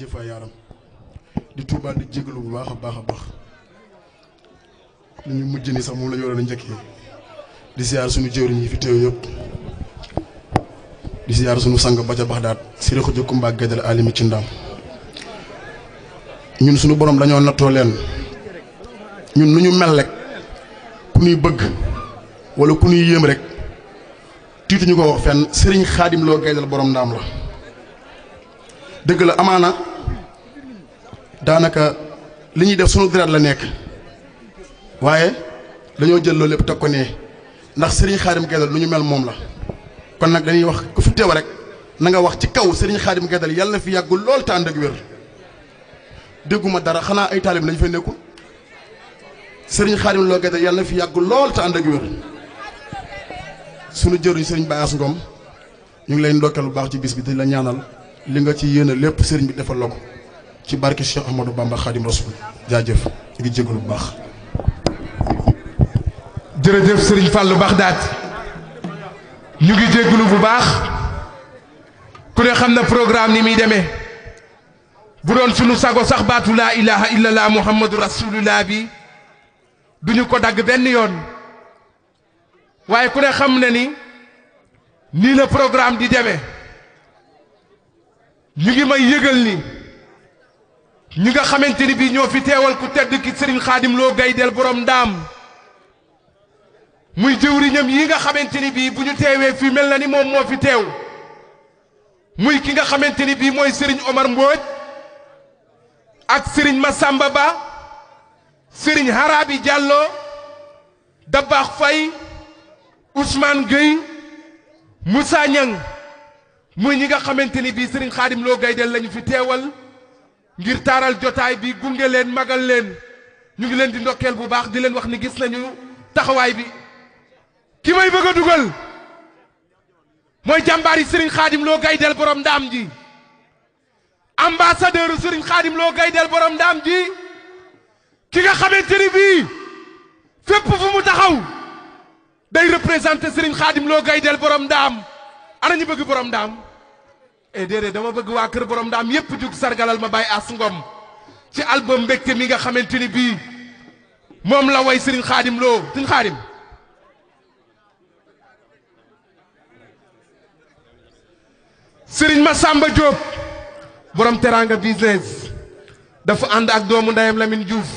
Speaker 4: jëfaa yaaram di tuubaal di jégalu bu baax a baax a baax lu ñu mujj ni sax moom la ñu waroon a njëkkee di siyaar suñu jëwriñ yi fi teew yëpp di siyaar suñu sang ba ca baxdaat si réxu jëkkumba gaydal alimi ci ndam ñun suñu borom dañoo nattoo leen ñun lu ñu mel rek ku ñuy bëgg wala ku ñuy yéem rek tiituñu ko wax fenn sëriñ xaadim loo gaydal borom ndaam la dëgg la amaana daanaka li ñuy def sunu deret la nekk waaye dañoo jël loolu lépp teg ko nee ndax Serigne Khadim Gaydel lu ñu mel moom la kon nag dañuy wax ku fi teew rek na nga wax ci kaw sëriñ xaarim Gaydel yàlla na fi yàggul lool te ànd ak wér dégguma dara xanaa ay taalib lañu fay nekkul Serigne Khadim Lo yàlla fi yàggul lool te ak wér sunu jër yu Baye Ass Ngom ñu ngi lay ndokkeel bu baax ci bis bi di la ñaanal li nga ci yéene lépp Serigne bi defal la ci barke Cheikh Ahmadou Bamba Khadim Rasoul jaajëf ñu ngi jégalu bu baax. Serigne Fallou
Speaker 5: baghdad ñu ngi djeglu bu bax ku ne xamna programme ni mi démé bu doon sunu sago sax batou la ilaha illa illallah muhammadu rasoulullah bi duñu ko dag ben yoon waye ku ne xam ni ni le programme di démé ñu ngi may yëgal ni. ñi nga xamante ni bii ñoo fi teewal ku tedd ki sëriñ xaadimloo Gaydel borom ndaam muy jëwriñam yi nga xamante ni bii bu ñu teewee fii mel na ni moom moo fi teew muy ki nga xamante ni bii mooy sëriñ Omar Mbodj ak ma Massamba Ba Serigne Harabi jàlloo Dabakh Faye Ousmane Gueye Moussa Niang muy ñi nga xamante ni bii Serigne Khadim Lo Gaydel lañu fi teewal. ngir taral jotay bi gunge len magal len ñu ngi len di ndokkeel bu baax di len wax ni gis nañu taxaway bi ki may bëgg duggal moy jambaari Serigne Khadim Lo gay del borom ndam ji ambassadeur Serigne Khadim Lo gay del borom ndam ji ki nga xamante ni bii fépp fu mu taxaw day représenter Serigne Khadim Lo gay del borom ndam ana ñu bëgg borom ndam Eh, déedéet dama bëgg waa kër borom ndaam yépp jug sargalal ma Baye Ass Ngom ci album mbégte mi nga xamante ni bii moom la way Serigne Khadim Lo Serigne Khadim Serigne Massamba Diop borom teranga business dafa ànd ak doomu ndeyam Lamine Diouf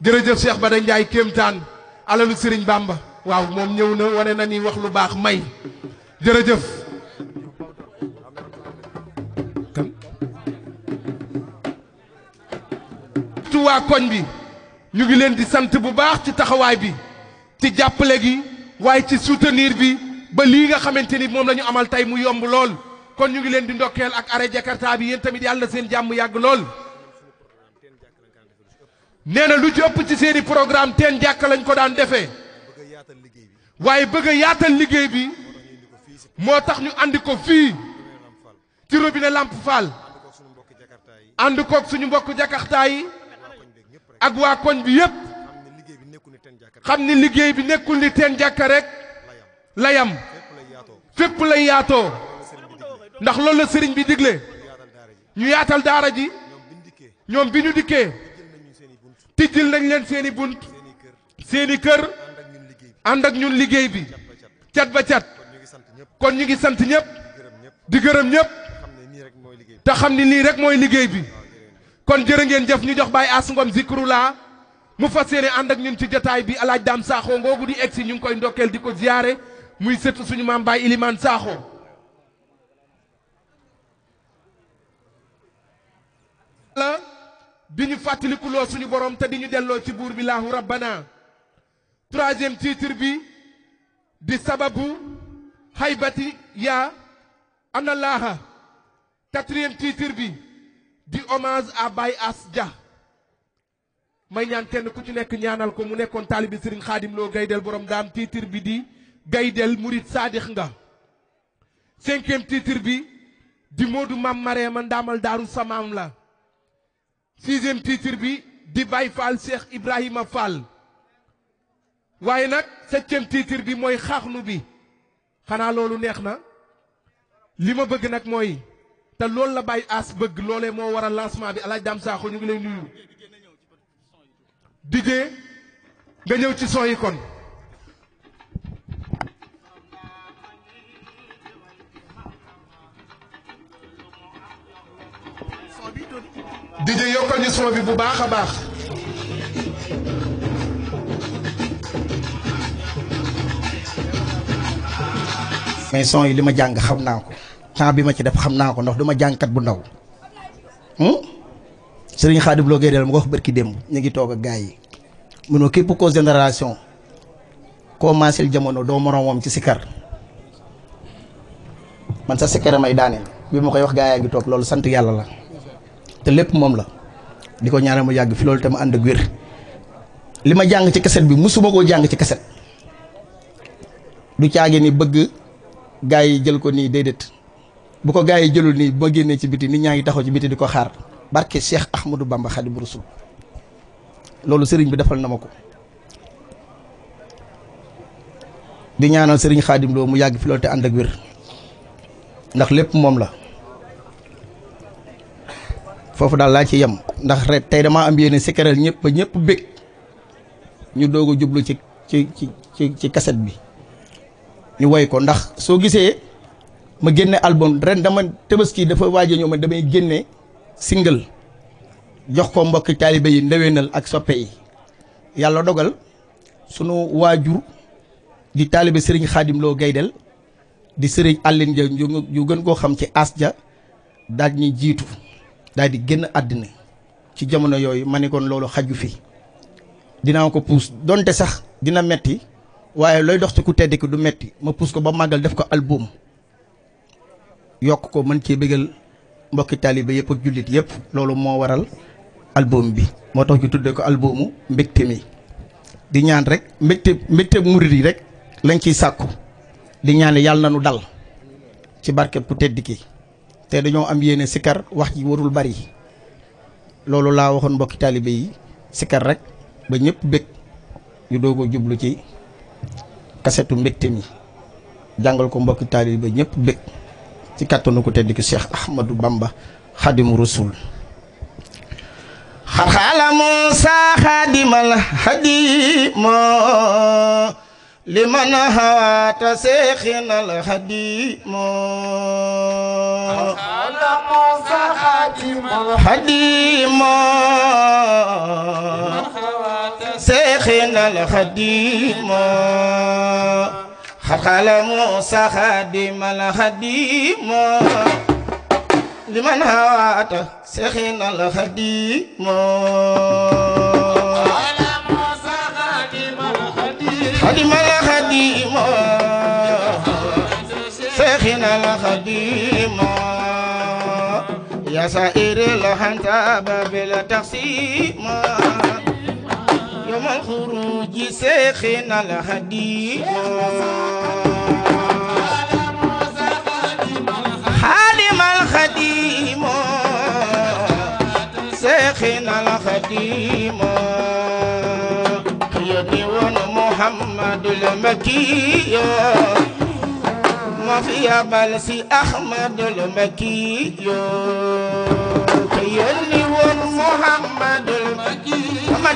Speaker 5: jërëjëf Cheikh Bada Ndiaye kéemtaan alalu sëriñ bàmba waaw moom ñëw na wone na ni wax lu baax may jërëjëf. waa koñ bi ñu ngi leen di sant bu baax ci taxawaay bi ci jàppale gi waaye ci soutenir bi ba lii nga xamante ni moom lañu amal tey mu yomb lool kon ñu ngi leen di ndokkeel ak arrêt Jakarta bi yéen tamit yàlla seen jàmm yàgg lool. nee na lu ci ëpp ci seeni programme teen jàkk lañ ko daan defee waaye bëgg a yaatal liggéey bi moo tax ñu àndi ko fii ci robinet Lamp Fall ànd koog suñu mbokk Jakarta yi. ak waa koñ bi yépp xam ni liggéey bi nekkul ni teen jàkka rek layam fépp lay yaatoo ndax loolu la sëriñ bi digle ñu yaatal daara ji ñoom bi ñu dikkee tijjil nañ leen seeni bunt seeni kër ànd ak ñun liggéey bi cat ba cat kon ñu ngi sant ñëpp di gërëm ñëpp te xam ni lii rek mooy liggéey bi kon jërë ngeen jëf ñu jox Baye Ass Ngom Zikroulah mu fas yéene ànd ak ñun ci jataay bi alaaj daam saaxoo ngoogu di si ñu ngi koy ndokkeel di ko ziyaare muy sëtt suñu maam Baye Ilimane Saaxoo la di ñu fàttalikuloo suñu borom te di ñu delloo ci buur bi laahu rabbana troisième titre bi di sababu haybati yaa analaaha quatrième titre bi di hommage à Baye As Dia may ñaan kenn ku ci nekk ñaanal ko mu nekkoon taalibi Serigne Khadim Lo Gaydel borom daam titre bi di Gaydel Murid Sadix nga cinquième titre bi di Modou Mam Mareema ndaamal daaru samaam la sixième titre bi di Baye Fall Cheikh Ibrahima Fall waaye nag septième titre bi mooy xaaxlu bi xanaa loolu neex na li ma bëgg nag mooy te loolu la bàyyi as bëgg loolee moo waral lancement bi alaaj daam saaxo ñu ngi lay nuyu dijee nga ñëw ci son yi kon dijee yokkal ñu son bi bu baax a baax
Speaker 2: mais son yi li ma jàng xam naa ko temps bi ma ci def xam naa ko ndox du ma jàngkat bu ndaw hmm? sëriñ Xaadim Lo Gaydel mu ko wax démb ñu ngi toog ak gaa yi munoo képp ko génération koo maasel jamono doo moroomam ci sikar man sa sikar may daaneel bi ma koy wax gaa yaa ngi toog loolu sant yàlla la te lépp moom la di ko ñaanal mu yàgg fi loolu te mu ànd ak wér li ma jàng ci kaset bi musuma koo jàng ci kaset du caage ni bëgg gaa yi jël ko nii déedéet bu ko gaay jëlul ni ba génné ci biti nit ñaangi ngi taxaw ci biti di ko xaar barké Cheikh Ahmadou Bamba Xaadimu rasoul lolu serigne bi defal namako di ñaanal serigne khadim Lo mu yagg fi loolu te ànd ak wër ndax lepp mom la fofu dal la ci yam ndax ret tay dama am yéene sikkaral ñepp ba ñëpp ñu dogo jublu ci ci ci ci cassette bi ñu way ko ndax so gisee ma génne album ren dama Tabaski dafa waajo ñëw ma damay génne single jox ko mbokki taalibe yi ndewenal ak soppe yi yàlla dogal sunu waajur di taalibe sëriñ Xaadim Lo Gaydel di sëriñ Aline Dia ñu gën koo xam ci as ja dal ñuy jiitu daal di génn àddina ci jamono yooyu ma ne kon loolu xaju fi dinaa ko puus donte sax dina metti waaye looy dox ci ku tedd ki du metti ma puus ko ba màggal def ko album yok ko man ci beugal mbokki talibé yépp ak julit yépp lolu mo waral album bi mo tax ñu tuddé ko albumu mbégte mi di ñaan rek mbégte mbégte murid yi rek lañ ci sakku di ñaan yàlla na nu dal ci barké ku tedd ki té dañu am yéné sikar wax ji warul bari lolu la waxon mbokki talibé yi sikar rek ba ñëpp bég ñu dogo jublu ci kasetu mbégte mi jangal ko mbokki talibé ba ñëpp ci kàttanu ko tedd ki Cheikh Ahmadou Bamba xadimu rasul xarxala Muusa
Speaker 3: Muusa xadimal xadimo xat xaala muusa xaadimal xaadimoo li man hawaata sexinal xaadimoo xaala muusa xaadimal xaadimoo xaadimal xaadimoo sexinal xaadimoo yaa حلم خروج شيخنا الهديم حلم الخديم شيخنا الخديم يا ديوان محمد المكي ما فيها بلسي أحمد المكي يا ديوان محمد المكي bala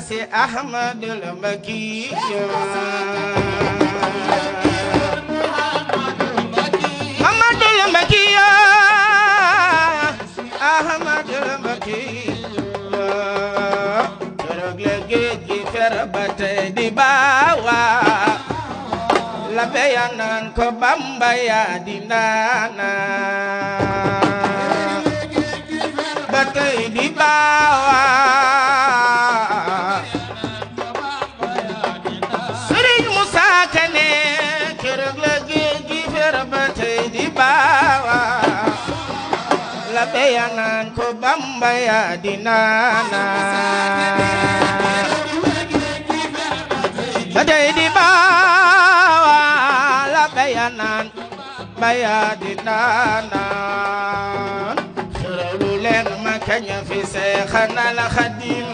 Speaker 3: si ahmadul makiya ahmadul makiya ahmadul makiya géej gi fer ba tey di baawa labe ya naan ko Bamba yaa di ndaana ba tey di baawa Sëriñ Musa Kane keroog la géej gi fer ba tey di baawa labe ya naan ko Bamba yaa di ndaana baya di daanaan xeralu leen ma kañ fi seexana la xadim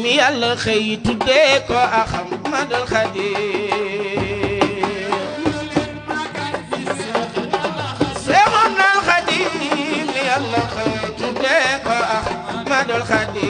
Speaker 3: mi yàlla xëy tuddee ko Axmadul Xadim seexana al xadim mi yàlla xëy tuddee ko Axmadul Xadim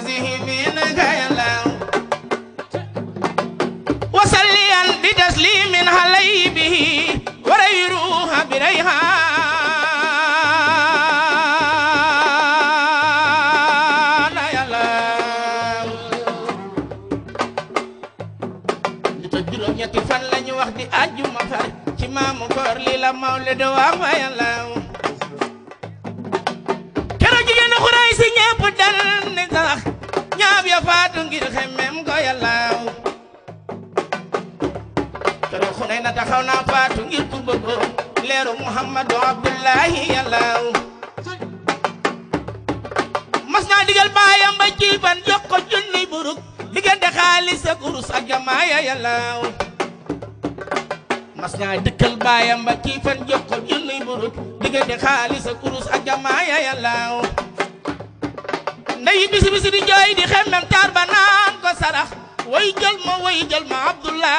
Speaker 3: وذهبين غيلا وصليا بتسليم علي به وريروها بريحان يلا juróom ñetti fan lañu wax di àjjuma far ci maamu koor li la mawlid wax fa yàlla biir xemem goyalaaw keroog xunay na naa faatu ngir ku bëggoon leeru muhammadu abdullahi yallaaw mas naa digal baayam ba jiiban jox junni buruk diggante xaalis ak urus ak jamaaya mas naa dëkkal baayam ba jiiban jox junni buruk diggante xaalis ak urus ak jamaaya yallaaw bisi bisi di jooy di xemmem taar ba sarax way jël way jël ma Abdoulaye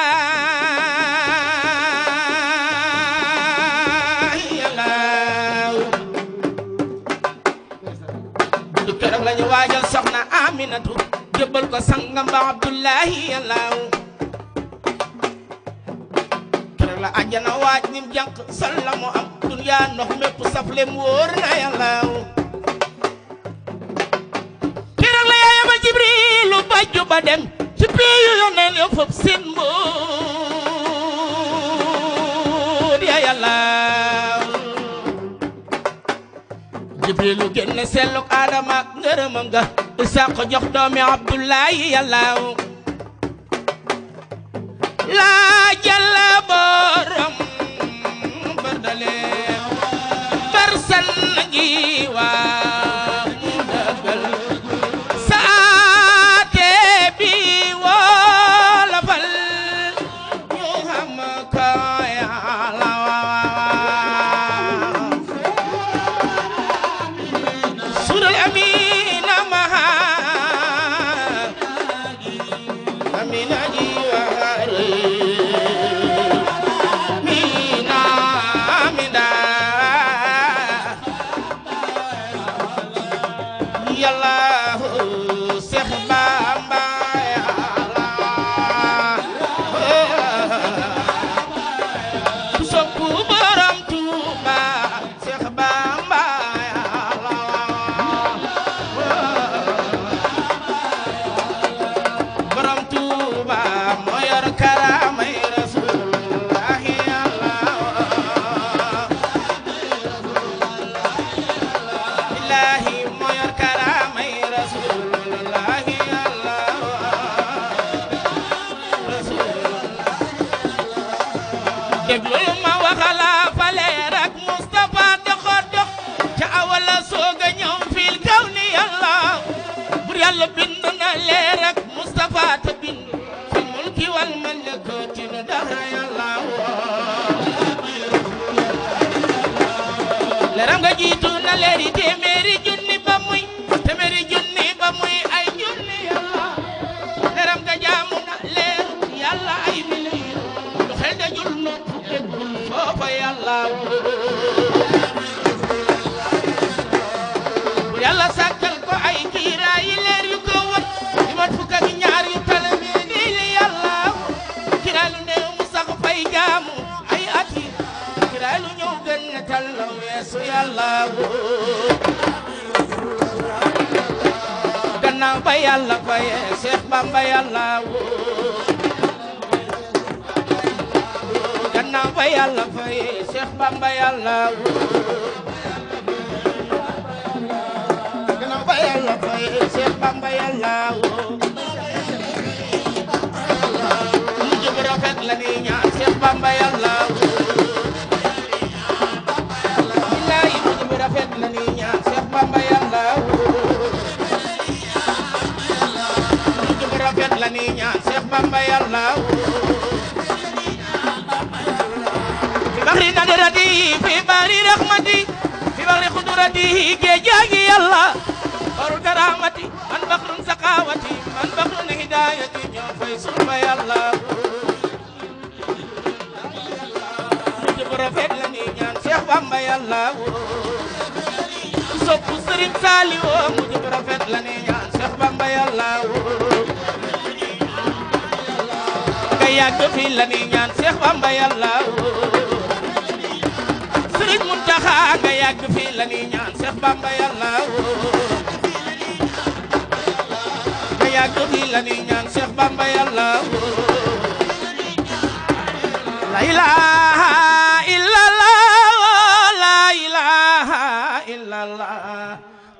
Speaker 3: yalaaw du keroog lañu waajal soxna Aminatu jébbal ko sangam ba Abdoulaye yalaaw la àjjana waaj nim jànq sol am duniyaa ndox mépp saf lem wóor na yalaaw yu ba dem ci yu ma waxala faleer ak ca awala sooga ñëw fil kaw ni yàlla bur yàlla bind na leer ak Moustapha te bind fi mulki wal malakati nu dara yàlla leeram nga jiitu na leeri téeméer Bamba yàlla baye Cheikh Bamba yàlla woo gannaaw ba yàlla baye Cheikh Bamba yàlla woo gannaaw ba yàlla baye Cheikh Bamba yàlla woo mu jub rafet la ni ñaan Cheikh Bamba yàlla bihi profet la ni ñaan Cheikh Bamba yalla soppu mujj profet la ni ñaan Cheikh Bamba yalla nga Muntaxa nga yàgg fi la ñuy ñaan Seex Bamba yàlla nga yàgg fi la ñuy ñaan Seex Bamba yàlla la ilaha illallah la ilaha illallah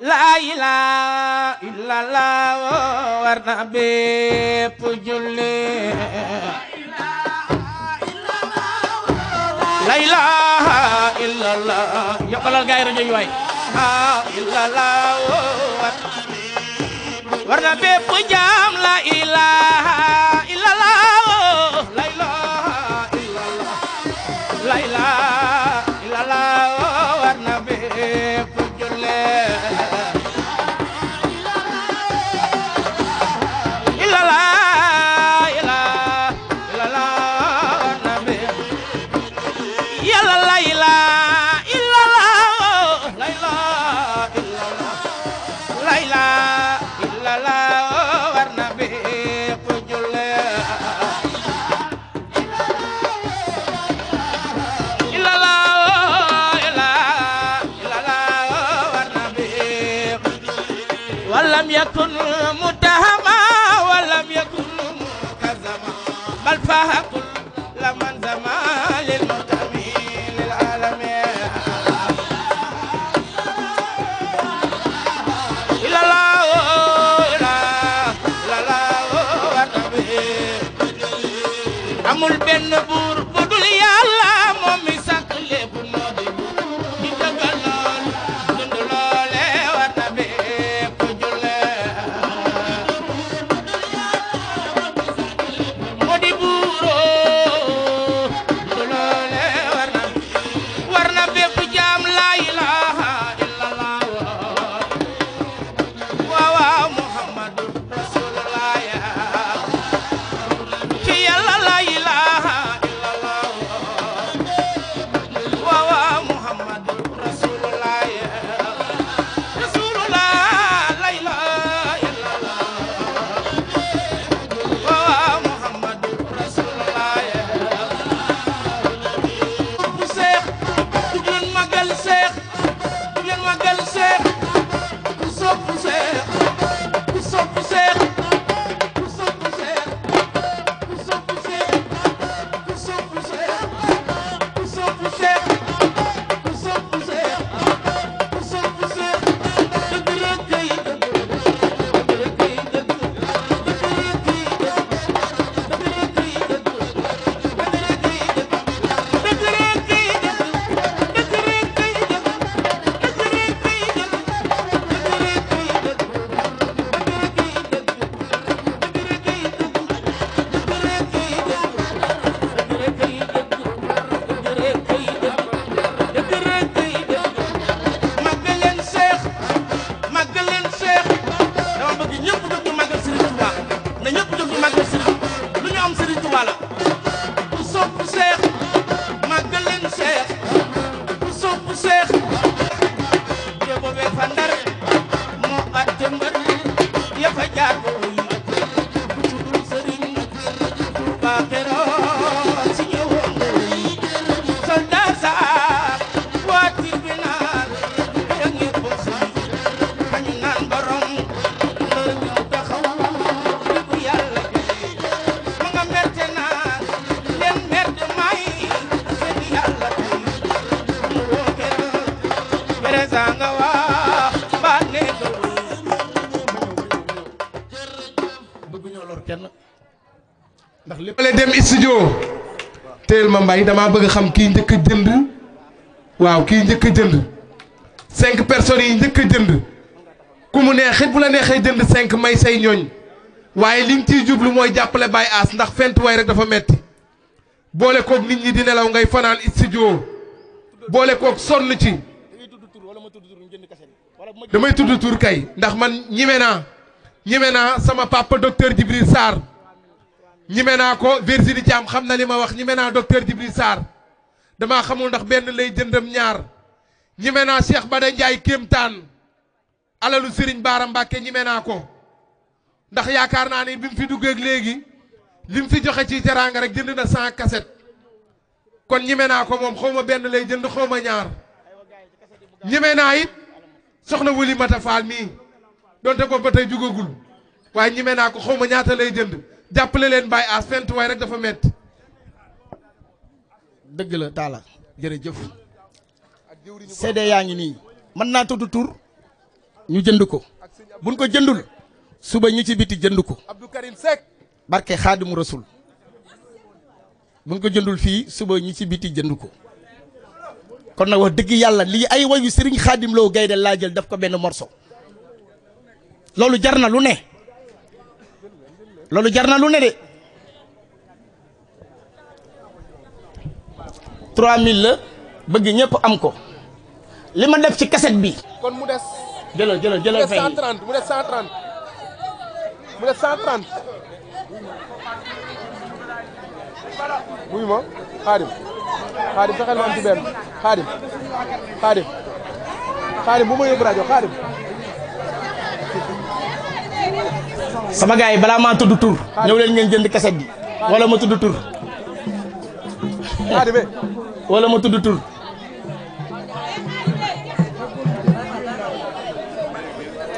Speaker 3: la ilaha illallah war na bépp julli la ilaha illallah yokkalal gaay rajo yi war na bépp jaam la ilaha
Speaker 5: mbay damaa bëgg xam kii njëkk a jënd waaw kii njëkk jënd cinq personnes yi njëkk a jënd ku mu neexit bu la neexee jënd cinq may say ñooñ waaye liñ nga ciy jublu mooy jàppale Baye Ass ndax fent way rek dafa metti boole koog nit ñi di nelaw ngay fanaan studio boole koog sonn ci damay tudd tur kay ndax man ñime naa ñime naa sama papa docteur Djibril Sarr ñime naa ko Virginie Thiam xam na li ma wax ñime naa docteur Djibril saar damaa xamul ndax benn lay jëndam ñaar ñime naa ba Cheikh Bada Ndiaye kéemtaan alalu Serigne baara Mbacke ñime naa ko ndax yaakaar naa ni bi mu fi duggeeg léegi li mu fi joxe ci teraanga rek jënd na cent cassette kon ñime naa ko moom xaw ma benn lay jënd xaw ma ñaar ñime naa it soxna Wuli Mata mii donte ko ba tey jugagul waaye ñime naa ko xaw ma ñaata lay jënd. jàppale leen Baye Ass fentu waay rek dafa mett
Speaker 2: dëgg la Talla jërëjëf CD yaa ngi nii mën naa tudd tur ñu jënd ko buñ ko jëndul suba ñu ci biti jënd ko Abdou Karim Seck barke Xaadimu Rasul buñ ko jëndul fii suba ñu ci biti jënd ko kon nag wax dëgg yàlla lii ay wayu Serigne Xaadim Lo Gaydel laa jël daf ko benn morso loolu jar na lu ne loolu jar na lu ne de 3000 la bëgg ñëpp am ko li ma def ci keset bi. kon mu des. jëlal jëlal jëlal fay mu des 130
Speaker 5: mu des 130 mu des 130. muy ma xaadim fexeel ma am ci benn xaadim xaadim bu ma yóbbu rajo xaadim.
Speaker 2: sama gars yi balaa maa tudd tur ñëw leen jënd kaset bi wala ma tudd tur wala ma tudd tur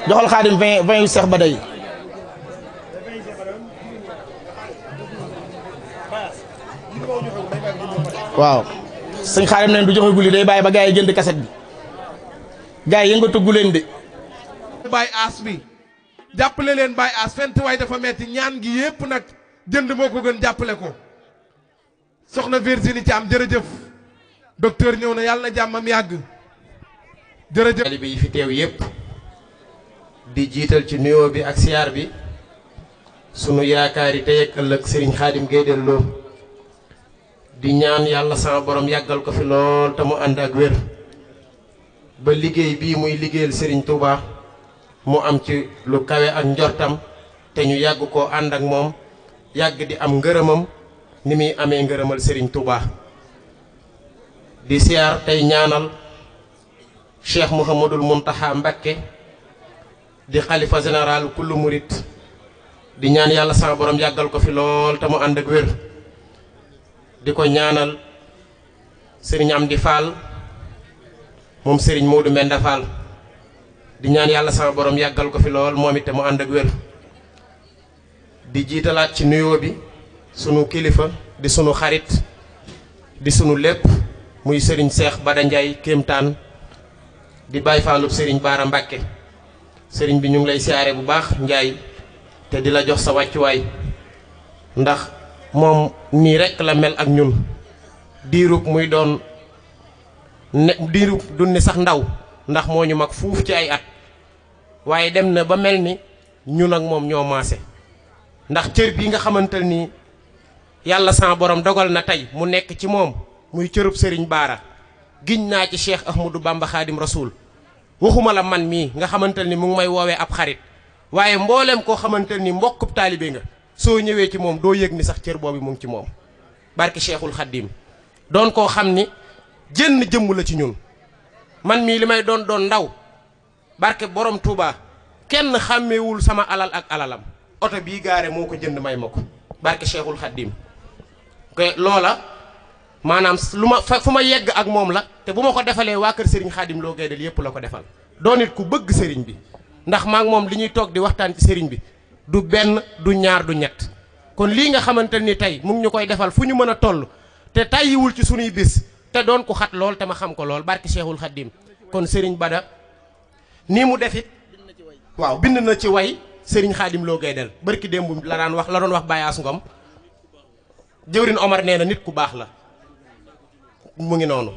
Speaker 2: joxal xaadim vingt vingt yu seex ba day waaw sëñ xaadim neen du joxe guli day bàyyi ba
Speaker 5: gars yi jënd kaset bi gars yi yëngatu guleen de bàyyi aas bi jàppale leen bàyyi as fent waay dafa metti ñaan gi yépp nag jënd moo ko gën jàppale ko soxna ci am jërëjëf docteur ñëw na yàlla jàmmam yàgg jërëjëf bi yi fi teew yépp di jiital
Speaker 1: ci nuyoo bi ak siyaar bi sunu yaakaar yi tey ak ëllëg sëriñ xaadim Gueye delloo di ñaan yàlla sama borom yàggal ko fi lool te mu ànd ak wér ba liggéey bii muy liggéeyal sëriñ Touba. mu am ci lu kawé ak njortam te ñu yagg ko and ak mom yagg di am ngeureumam ni mi amé ngeureumal Serigne Touba di siar tay ñaanal Cheikh Mouhamadul Muntaha mbacké di khalifa général kullu murid, di ñaan yalla sa borom yagal ko fi lol te mu ànd ak wër di fal, ñaanal Serigne Amdi Fall mom Serigne Modou Fall di ñaan yalla sama borom yagal ko fi lol momit te mu and ak wér di jitalat ci nuyo bi sunu kilifa di sunu xarit di sunu lepp muy serigne cheikh Bada ndjay kemtan di bay faalub serigne bara mbacke serigne bi ñu ngi lay siaré bu baax ndjay te dila jox sa way ndax mom ni rek la mel ak ñun muy doon diruk du ne sax ndaw ndax moñu mak fuf ci ay at waaye dem na ba mel ni ñun ak moom ñoo maase ndax cër bi nga xamante ni yàlla sama borom dogal na tey mu nekk ci moom muy cërub sëriñ baara giñ naa ci cheikh ahmadou bamba xaadim rasuul waxuma la man mii nga xamante ni mu ngi may woowee ab xarit waaye mbooleem koo xamante ni mbokkub taalibe nga soo ñëwee ci moom doo yég ni sax cër boobu mu ngi ci moom barke cheikhul xaddim doon koo xam ni jën jëmm la ci ñun man mii li may doon doon ndaw barke borom Touba kenn xàmmewul sama alal ak alalam oto bii gaare moo ko jënd may ma ko barke Cheikhul Khadim ke loola maanaam lu ma fa fu ma yegg ak moom la te bu ma ko defalee waa kër Serigne Khadim Lo Gaydel yépp la ko defal doon ku bëgg sëriñ bi ndax maak moom li ñuy toog di waxtaan ci Serigne bi du benn du ñaar du ñett kon lii nga xamante ni tey mu ñu koy defal fu ñu mën a toll te tàyyiwul ci sunuy bis te doon ko xat lool te ma xam ko lool barke Cheikhul Khadim kon Serigne Bada. nii mu def it waaw bind na ci way sëriñ Serigne Khadim Lo Gaydel barki démb la daan wax la doon wax Bayaas Ngom jëwrin Omar nee na nit ku baax la mu ngi noonu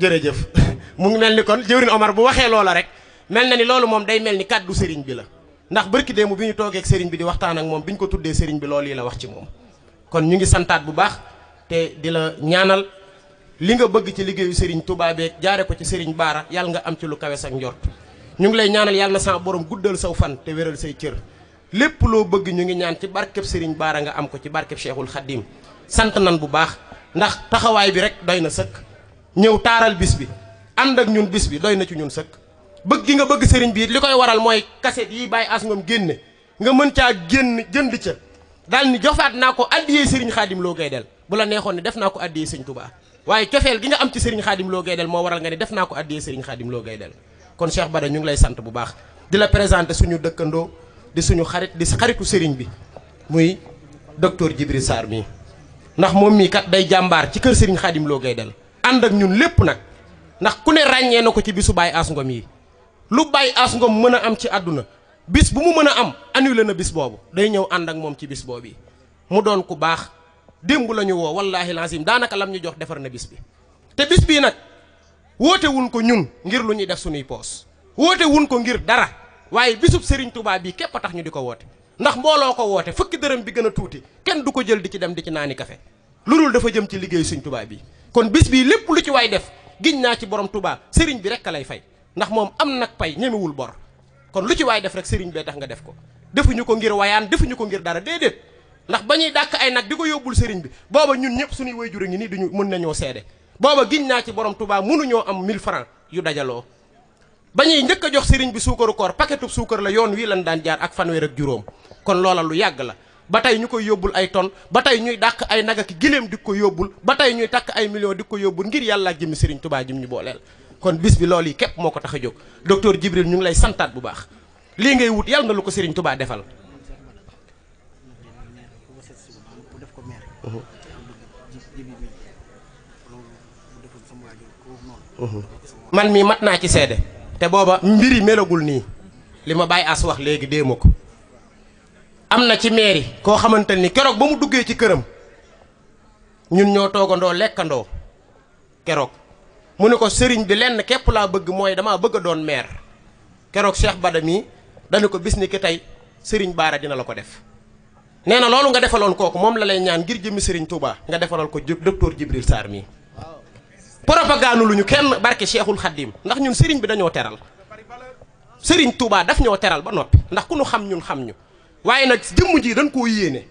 Speaker 1: jërëjëf mu ngi mel ni kon jëwrin Omar bu waxee loola rek mel na ni loolu moom day mel ni kàddu sëriñ bi la ndax bërki démb bi ñu toogee sëriñ bi di waxtaan ak moom bi ñu ko tuddee Serigne bi loolu yi la wax ci moom kon ñu ngi santaat bu baax te di la ñaanal. li nga bëgg ci liggéeyu Serigne Touba beeg jaare ko ci sëriñ Baara yàlla nga am ci lu kawe sa njort ñu ngi lay ñaanal yàlla na sa borom guddal saw fan te wéral say cër lépp loo bëgg ñu ngi ñaan ci barkeb Serigne Baara nga am ko ci barkeb Cheikhul Khadim sant nan bu baax ndax taxawaay bi rek doy na sëkk ñëw taaral bis bi ànd ak ñun bis bi doy na ci ñun sëkk bëgg gi nga bëgg sëriñ bi li koy waral mooy kaset yi bàyyi as ngoom génne nga mën caa génn jënd ca daal ni jofaat naa ko addiyee sëriñ xaadim loo koy del bu la neexoon ne def naa ko addiyee sëñ Touba waaye cofeel gi nga am ci Serigne Khadim Lo Gaydel moo waral nga ne def naa ko addee Serigne Khadim Lo Gaydel kon Cheikh Bada ñu ngi lay sant bu baax di la présenter suñu dëkkandoo di suñu xarit di xaritu Serigne bi muy docteur Djibril saar mii ndax moom mii kat day jàmbaar ci kër Serigne Khadim Lo Gaydel ànd ak ñun lépp nag ndax ku ne ràññee na ko ci bisu Baye Ass Ngom yi lu Baye Ass Ngom mën a am ci àdduna bis bu mu mën a am annulé na bis boobu day ñëw ànd ak moom ci bis boobu mu doon ku baax démb la ñu woo wallaahi laasim daanaka lam ñu jox defar na bis bi te bis bii nag woote ko ñun ngir lu ñuy def suñuy poos woote ko ngir dara waaye bisub Serigne tubaab bii képp tax ñu di ko woote ndax mbooloo ko woote fukki dërëm bi gën a tuuti kenn du ko jël di ci dem di ci naani kafe lu dafa jëm ci liggéey Serigne Touba bi kon bis bii lépp lu ci waay def giñ naa ci borom tubaab sëriñ bi rek a lay fay ndax moom am nag pay ñemewul bor kon lu ci waay def rek Serigne bee tax nga def ko defuñu ko ngir wayaan defuñu ko ngir dara déedéet ndax ba ñuy dàkk ay nag di ko yóbbul sëriñ bi booba ñun ñëpp suñuy wayjur a ngi nii duñu mën nañoo seede booba giñ naa ci borom Touba mënuñoo am 1000 francs yu dajaloo ba ñuy njëkk a jox sëriñ bi suukaru koor paquetu suukar la yoon wii lan daan jaar ak fanweer ak juróom kon loola lu yàgg la ba tey ñu koy yóbbul ay ton ba tey ñuy dàq ay nag ak giléem di ko yóbbul ba tey ñuy takk ay millions di ko yóbbul ngir yàlla ak jëmmi sëriñ Touba jëm ñu booleel kon bis bi loolu yi képp moo ko tax a jóg docteur Jibril ñu ngi lay santaat bu baax lii ngay wut yàlla ko sëriñ Touba defal man mii mat naa ci seede te booba mbiri melagul nii li ma bàyyi as wax léegi déema ko am na ci mairie koo xamante ni keroog ba mu duggee ci këram ñun ñoo toogandoo lekkandoo keroog mu ne ko sëriñ bi lenn képp laa bëgg mooy damaa bëgg a doon maire keroog Cheikh Bada mii dañu ko bis ni ki tey sëriñ Baara dina la ko def nee na loolu nga defaloon kooku moom la lay ñaan ngir jëmmi Serigne Touba nga defaloon ko docteur Djibril saar mii propagande lu ñu kenn barke Cheikhul Khadim ndax ñun Serigne bi dañoo teral Serigne Touba daf ñoo teral ba noppi ndax ku ñu xam ñun xam ñu waaye nag jëmm ji dañ koo yéene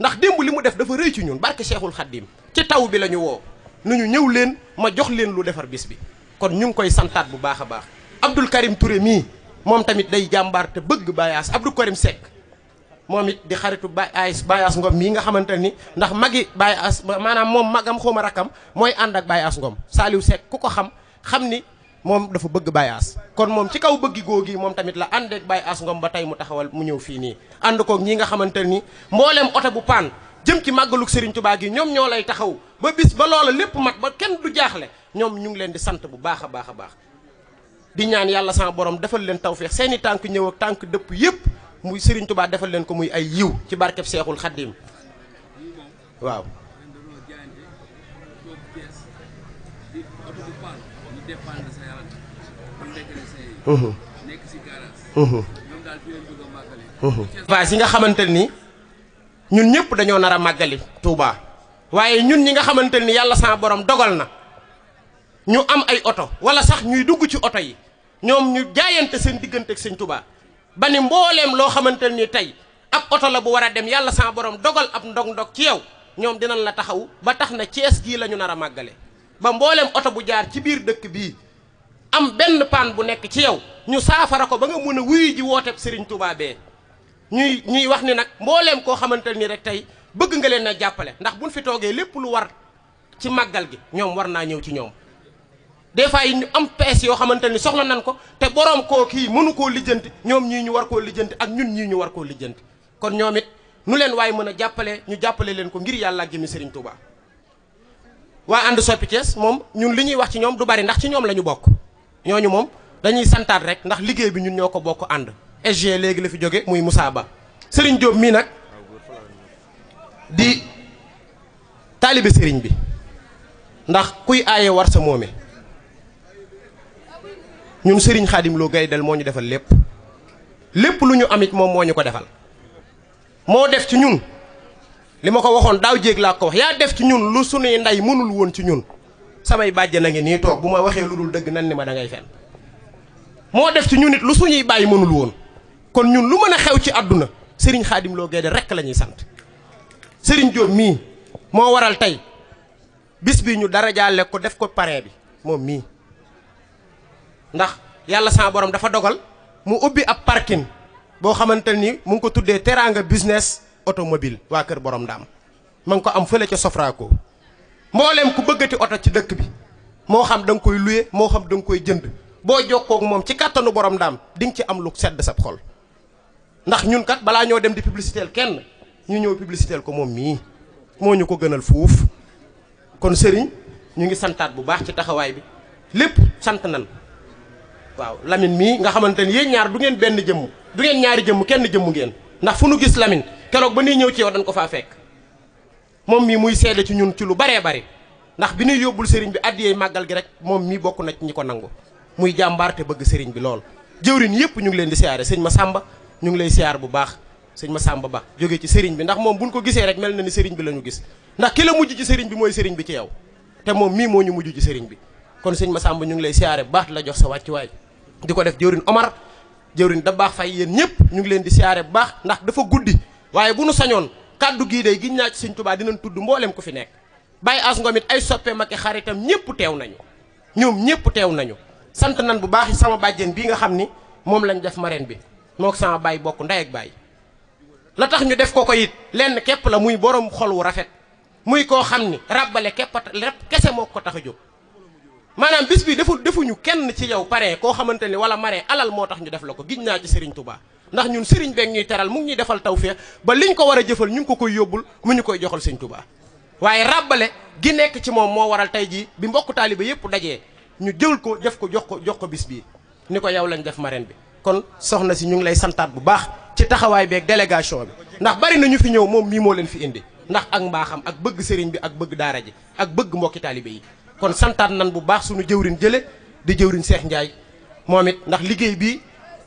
Speaker 1: ndax démb li mu def dafa rëy ci ñun barke Cheikhul Khadim ci taw bi la ñu woo nu ñu ñëw leen ma jox leen lu defar bis bi kon ñu ngi koy santaat bu baax a baax Abdou Karim Touré mii moom tamit day jàmbaar te bëgg bayaas Abdou Karim Seck moom it di xaritu Baye As Baye As Ngom mii nga xamante ni ndax magi baay As maanaam moom magam xawma rakkam mooy ànd ak Baye As Ngom Saliou Seck ku ko xam xam ni moom dafa bëgg Baye As kon moom ci kaw bëgg googi moom tamit la ànd ak Baye ba tey mu taxawal mu ñëw fii nii ànd koog ñi nga xamante ni mbooleem oto bu paan jëm ci màggalug Serigne Touba gi ñoom ñoo lay taxaw ba bis ba loola lépp mat ba kenn du jaaxle ñoom ñu ngi leen di sant bu baax a baax a baax di ñaan yàlla sama borom defal leen tawféex seen i tànk ñëw ak tànk dëpp yëpp muy sëriñ Touba defal leen ko muy ay yiw ci barkeb Seexul Xaddim waaw. vaas yi nga xamante ni ñun ñëpp dañoo nar a màggali Touba waaye ñun ñi nga xamante ni yàlla sa borom dogal na ñu am ay oto wala sax ñuy dugg ci oto yi ñoom ñu jaayante seen diggante ak sëñ tubaa ba ni mbooleem loo xamante ni tey ab oto la bu war a dem yàlla sama borom dogal ab ndog-ndog ci yow ñoom dinañ la taxaw ba tax na Cees gii la ñu nar a màggale ba mbooleem oto bu jaar ci biir dëkk bii am benn paan bu nekk ci yow ñu saafara ko ba nga mën wuy wuyu ji wooteb sëriñ Touba bee ñuy ñuy wax ni nag mbooleem koo xamante ni rek tey bëgg nga leen a jàppale ndax buñ fi toogee lépp lu war ci màggal gi ñoom war naa ñëw ci ñoom des fois yi ñu am pees yoo xamante ni soxla nan ko te boroom koo kii mënu koo lijjanti ñoom ñii ñu war koo lijjanti ak ñun ñii ñu war koo lijjanti kon ñoom it nu leen waaye mën a jàppale ñu jàppale leen ko ngir yàlla ak jëmi Serigne Touba. waa ànd soppi Thiès moom ñun li ñuy wax ci ñoom du bari ndax ci ñoom la ñu bokk ñooñu moom dañuy santaat rek ndax liggéey bi ñun ñoo ko bokk ànd. SG léegi la fi jóge muy Moussa Ba Serigne Diop mii nag di taalibe sëriñ bi ndax kuy aaye war sa moome. ñun sëriñ xaadim loo gaydel moo ñu defal lépp lépp lu ñu amit moom moo ñu ko defal moo def ci ñun li ma ko waxoon daaw jéeg laa ko wax yaa def ci ñun lu sunuy ndey mënul woon ci ñun samay bàjjen a ngi nii toog bu ma waxee lu dul dëgg nan ni ma dangay ngay fen moo def ci ñun it lu suñuy bàyyi mënul woon kon ñun lu mën a xew ci àdduna sëriñ xaadim loo gaydel rekk la ñuy sant sëriñ Diop mii moo waral tey bis bi ñu dara jaale ko def ko parrain bi moom mii ndax yàlla sama borom dafa dogal mu ubbi ab parkin boo xamante ni mu ngi ko tuddee teraanga business automobile waa kër borom ndaam ma ngi ko am fële ca Sofraco mbooleem ku bëggati oto ci dëkk bi moo xam da koy luye moo xam da nga koy jënd boo jokkoog moom ci kattanu borom ndaam di nga ci am lu sedd sab xol ndax ñun kat balaa ñoo dem di publicitéel kenn ñu ñëw publicitéel ko moom mii moo ñu ko gënal fuuf kon sëriñ ñu ngi santaat bu baax ci taxawaay bi lépp sant nan waaw Lamine mii nga xamante ni yéen ñaar du ngeen benn jëmm du ngeen ñaari jëmm kenn jëmm ngeen ndax fu nu gis Lamine keroog ba nuy ñëw ci yow dañ ko faa fekk moom mii muy seede ci ñun ci lu baree bari ndax bi nuy yóbbul sëriñ bi addiyey màggal gi rek moom mii bokk na ñi ko nangu muy jàmbaar te bëgg sëriñ bi lool jëwrin yëpp ñu ngi leen di siyaare sëñ ma sàmb ñu ngi lay siyaar bu baax sëñ ma sàmba ba jógee ci sëriñ bi ndax moom buñ ko gisee rek mel na ni sëriñ bi la ñu gis ndax ki la ci sëriñ bi mooy sëriñ bi ci yow te moom mii moo ñu sëriñ bi kon sëñ ma sàmba ñu ngi lay siyaare bu baax la jox sa wàccuwaay diko def Omar jeurin da bax fay yeen ñep ñu ngi leen di siaré bu baax ndax dafa guddi waye bu nu sañoon kaddu gi day giñ naa ci Sëñ dinañ tuddu mbollem ku fi nek Baye as ngomit ay soppé maké xaritam ñep tew nañu ñoom ñep tew nañu sant nan bu baax sama bajjen bi nga xamni mom lañ def marène bi mok sama baay bokku nday ak baay la tax ñu def ko ko it lenn képp la muy borom xol wu rafet muy ko xamni rabalé képp kese maanaam bis bi defu defuñu kenn ci yow parrain koo xamante ni wala marraine alal moo tax ñu def la ko giñ naa ci Serigne Touba ndax ñun Serigne beeg ñuy teral mu ngi ñuy defal tawféex ba li liñ ko war a jëfal ñu ngi ko koy yóbbul mu ñu koy joxal Serigne Touba waaye ràbbale gi nekk ci moom moo waral tey jii bi mbokk taaliba yëpp dajee ñu jël ko def ko jox ko jox ko bis bii ni ko yow lañ def marraine bi kon soxna si ñu ngi lay santaat bu baax ci taxawaay beeg délégation bi ndax bari nañu fi ñëw moom mii moo leen fi indi ndax ak mbaaxam ak bëgg sëriñ bi ak bëgg daara ji ak bëgg mbokki taalibe yi kon santaat nan bu baax suñu jëwriñ jële di jëwriñ seex Ndiaye moom it ndax liggéey bii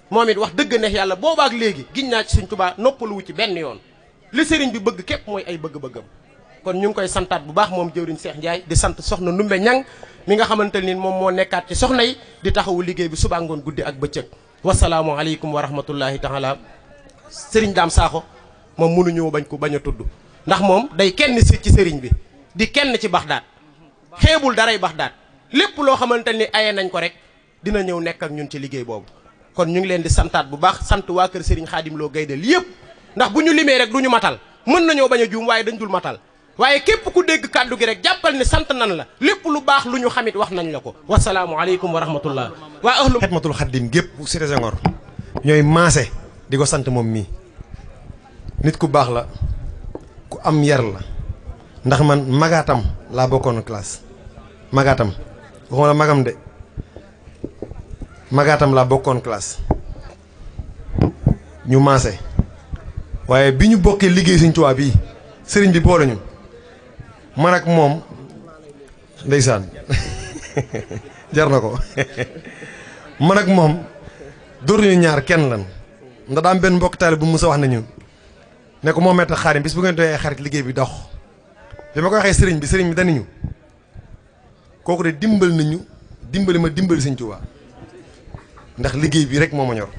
Speaker 1: moom it wax dëgg neex yàlla boobaak léegi giñ naa ci Sëriñ Tuubaa noppaluwu ci benn yoon li sëriñ bi bëgg képp mooy ay bëgg-bëggam kon ñu ngi koy santaat bu baax moom jëwriñ seex Ndiaye di sant soxna Ndumbe Ñang mi nga xamante ni moom moo nekkaat ci soxna yi di taxawu liggéey bi suba ngoon guddi ak bëccëg wasalaamu aleykum wa rahmatullahi taala sëriñ Daam Saaxo moom mënuñoo bañ ko bañ a tudd ndax moom day kenn si ci sëriñ bi kenn ci Baxdaad xeebul daray Baxdaad lépp loo xamante ni aye nañ ko rek dina ñëw nekk ak ñun ci liggéey boobu kon ñu ngi leen di santaat bu baax sant waa kër Serigne Khadim Lo Gaydel yëpp ndax bu ñu limee rek du ñu matal mën nañoo bañ a juum waaye dañ dul matal waaye képp ku dégg kàddu gi rek jàppal ne sant nan la lépp lu baax lu ñu xamit wax nañ la ko wasalaamu
Speaker 6: aleykum wa rahmatullah waa ahlu xidmatul xaddim gépp Cité Senghor ñooy maase di ko sant moom mii nit ku baax la ku am yar la ndax man magatam laa bokkoon classe magatam waxuma magam de magatam labokon bokkoon classe ñu maase waaye bi ñu bokkee liggéey sëñ tuwaa bii sëriñ bi boole ñu man ak mom ndeysaan jar na ko man ak moom dooruñu ñaar kenn lan ndax bu wax ne ko bis bu ngeen doyee xarit liggéey bi dox bi ma ko waxee sëriñ bi sëriñ bi daniñu kooku de dimbali nañu dimbali ma dimbali sëñ Tuubaa ndax liggéey bi rek moo ma ñor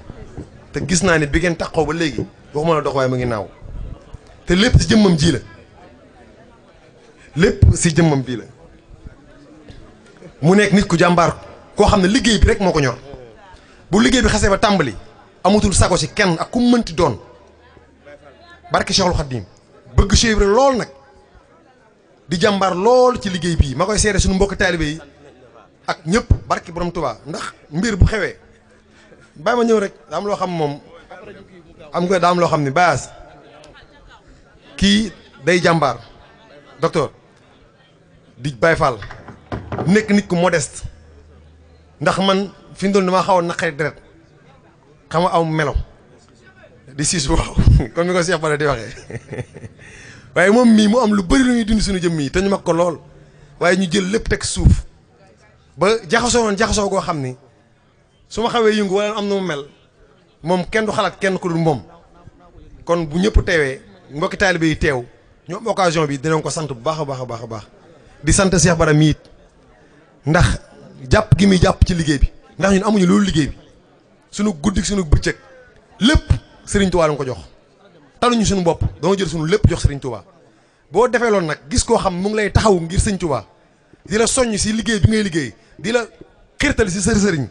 Speaker 6: te gis naa ne bi ngeen taxaw ba léegi waxuma la dox waaye mu ngi naaw te lépp ci jëmmam ji la lépp si jëmmam bii la mu nekk nit ku jàmbaar koo xam ne liggéey bi rek moo ko ñor bu liggéey bi xasee ba tàmbali amatul sago ci kenn ak ku mënti doon barke Cheikhul Khadim bëgg Cheikh Ibra lool nag di jàmbaar lool ci liggéey bii ma koy seere suñu mbokk taalibe yi ak ñëpp barki borom tubaa ndax mbir bu xewee bàyyi ma ñëw rek daa am loo xam moom am nga daa am loo xam ni baas kii day jàmbaar docteur di Baay Faal nekk nit ku modeste ndax man fi mu doon damaa xaw a naqari deret xam nga aw melo di siis waaw comme ni ko Cheikh Bara di waxee waaye moom mii mu am lu bari lu ñuy dindi suñu jëmm yi te ñu mag ko lool waaye ñu jël lépp teg suuf ba jaxasoo woon jaxasoo goo xam ni su ma xawee yëngu wala am na mu mel moom kenn du xalaat kenn ku dul moom kon bu ñëpp teewee mbokki taalibe yi teew ñu am occasion bi dinañ ko sant bu baax a baax a baax a baax di sant Cheikh Bara mi it ndax jàpp gi muy jàpp ci liggéey bi ndax ñun amuñu loolu liggéey bi sunu guddi sunu bëccëg lépp Serigne Touba ko jox. taluñu suñu bopp dañoo jël suñu lépp jox sëriñ Touba boo defee loolu nag gis koo xam mu ngi lay taxaw ngir sëñ Touba di la soññ si liggéey bi ngay liggéey di la xirtal si sër sëriñ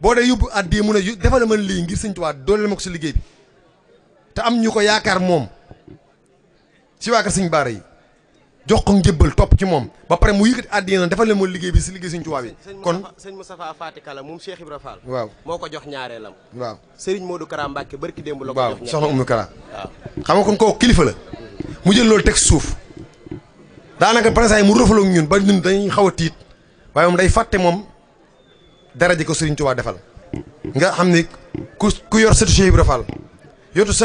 Speaker 6: boo dee yóbbu at bii mu ne defal ma lii ngir sëñ Touba dooleel ma ko si liggéey bi te am ñu ko yaakaar moom si waa kër sëñ Baara yi jox ko njëbbal topp ci moom ba pare mu yëkkati àddina defal leen ma liggéey bi si liggéey suñ tubaab yi
Speaker 1: waaw moo ko jox ñaareelam waaw Serigne Modou Kara
Speaker 6: Mbacke barki démb la ko jox waaw soxna Oumou
Speaker 4: xam
Speaker 6: nga kon kooku kilifa la mu jël loolu teg suuf daanaka président yi mu rëfaloo ñun ba ñun dañuy xaw a tiit waaye moom day fàtte moom dara ji ko Serigne Touba defal nga xam ne ku ku yor sëtu Cheikh Ibra Fall yotu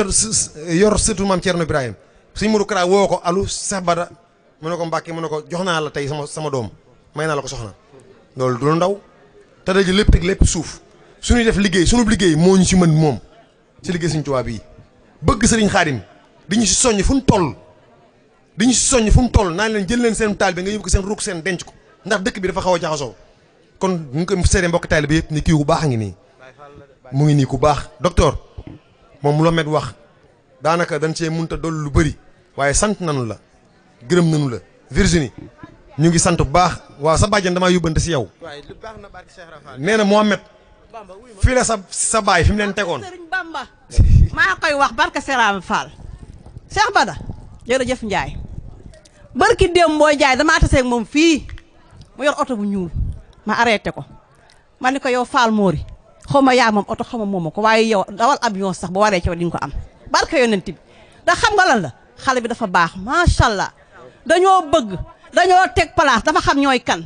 Speaker 6: yor sëtu maam Thierno Ibrahima Serigne Modou Kara woo ko alu Cheikh mu ne ko Mbàkke mu ne ko jox naa la tey sama sama doom may naa la ko soxna loolu du ndaw te daje lépp teg lépp suuf suñuy def liggéey suñu liggéey moo ñu ci mën moom ci liggéey Sëriñ Tuubaa yi bëgg Sëriñ Xaadim di ñu ci soññ fu mu toll di ñu ci soññ fu mu toll naan leen jël leen seen taal bi nga yóbbu ko seen ruuk seen denc ko ndax dëkk bi dafa xaw a jaxasoo kon mu ngi ko seede mbokk taal bi yëpp ni kii ku baax a ngi nii mu ngi nii ku baax docteur moom lu wax daanaka dañ cee munta dool lu bëri waaye sant nanu la gërëm nañu la Virginie ñu ngi sant bu baax waaw sa bàjjen damaa yóbbante si yow nee na Mohamed fii la sa sa baay fi mu leen tegoon.
Speaker 1: maa koy wax barka Seraam Fall. Cheikh Bada jërëjëf Ndiaye barki démb boo Ndiaye damaa tase moom fii mu yor oto bu ñuul ma arrêté ko ma ni ko yow moo Mori xaw ma yaa moom oto xaw ma moom ko waaye yow dawal avion sax bu waree ci di nga ko am barka yonent bi ndax xam nga la xale bi dafa baax macha dañoo bëgg dañoo tek place dafa xam ñoy kan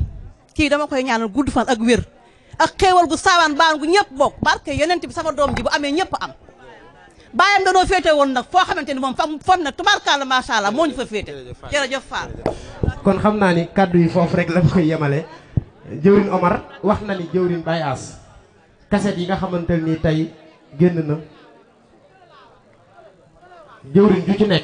Speaker 1: ki dama koy ñaanal gudd fan ak wër ak xéewal gu sawan baan gu ñepp bok barké que yeneen bi sama doom ji bu amé ñepp am bayam danoo féete woon nag foo xamante ni moom fam fam ne ma sha allah moo fa féete jërëjëf fa kon xamna ni kaddu yi fofu rek la koy yemale jëwrin Omar wax na ni jëwrin Baye Ass yi nga xamanteni tay genn na
Speaker 2: jëwrin ju ci nek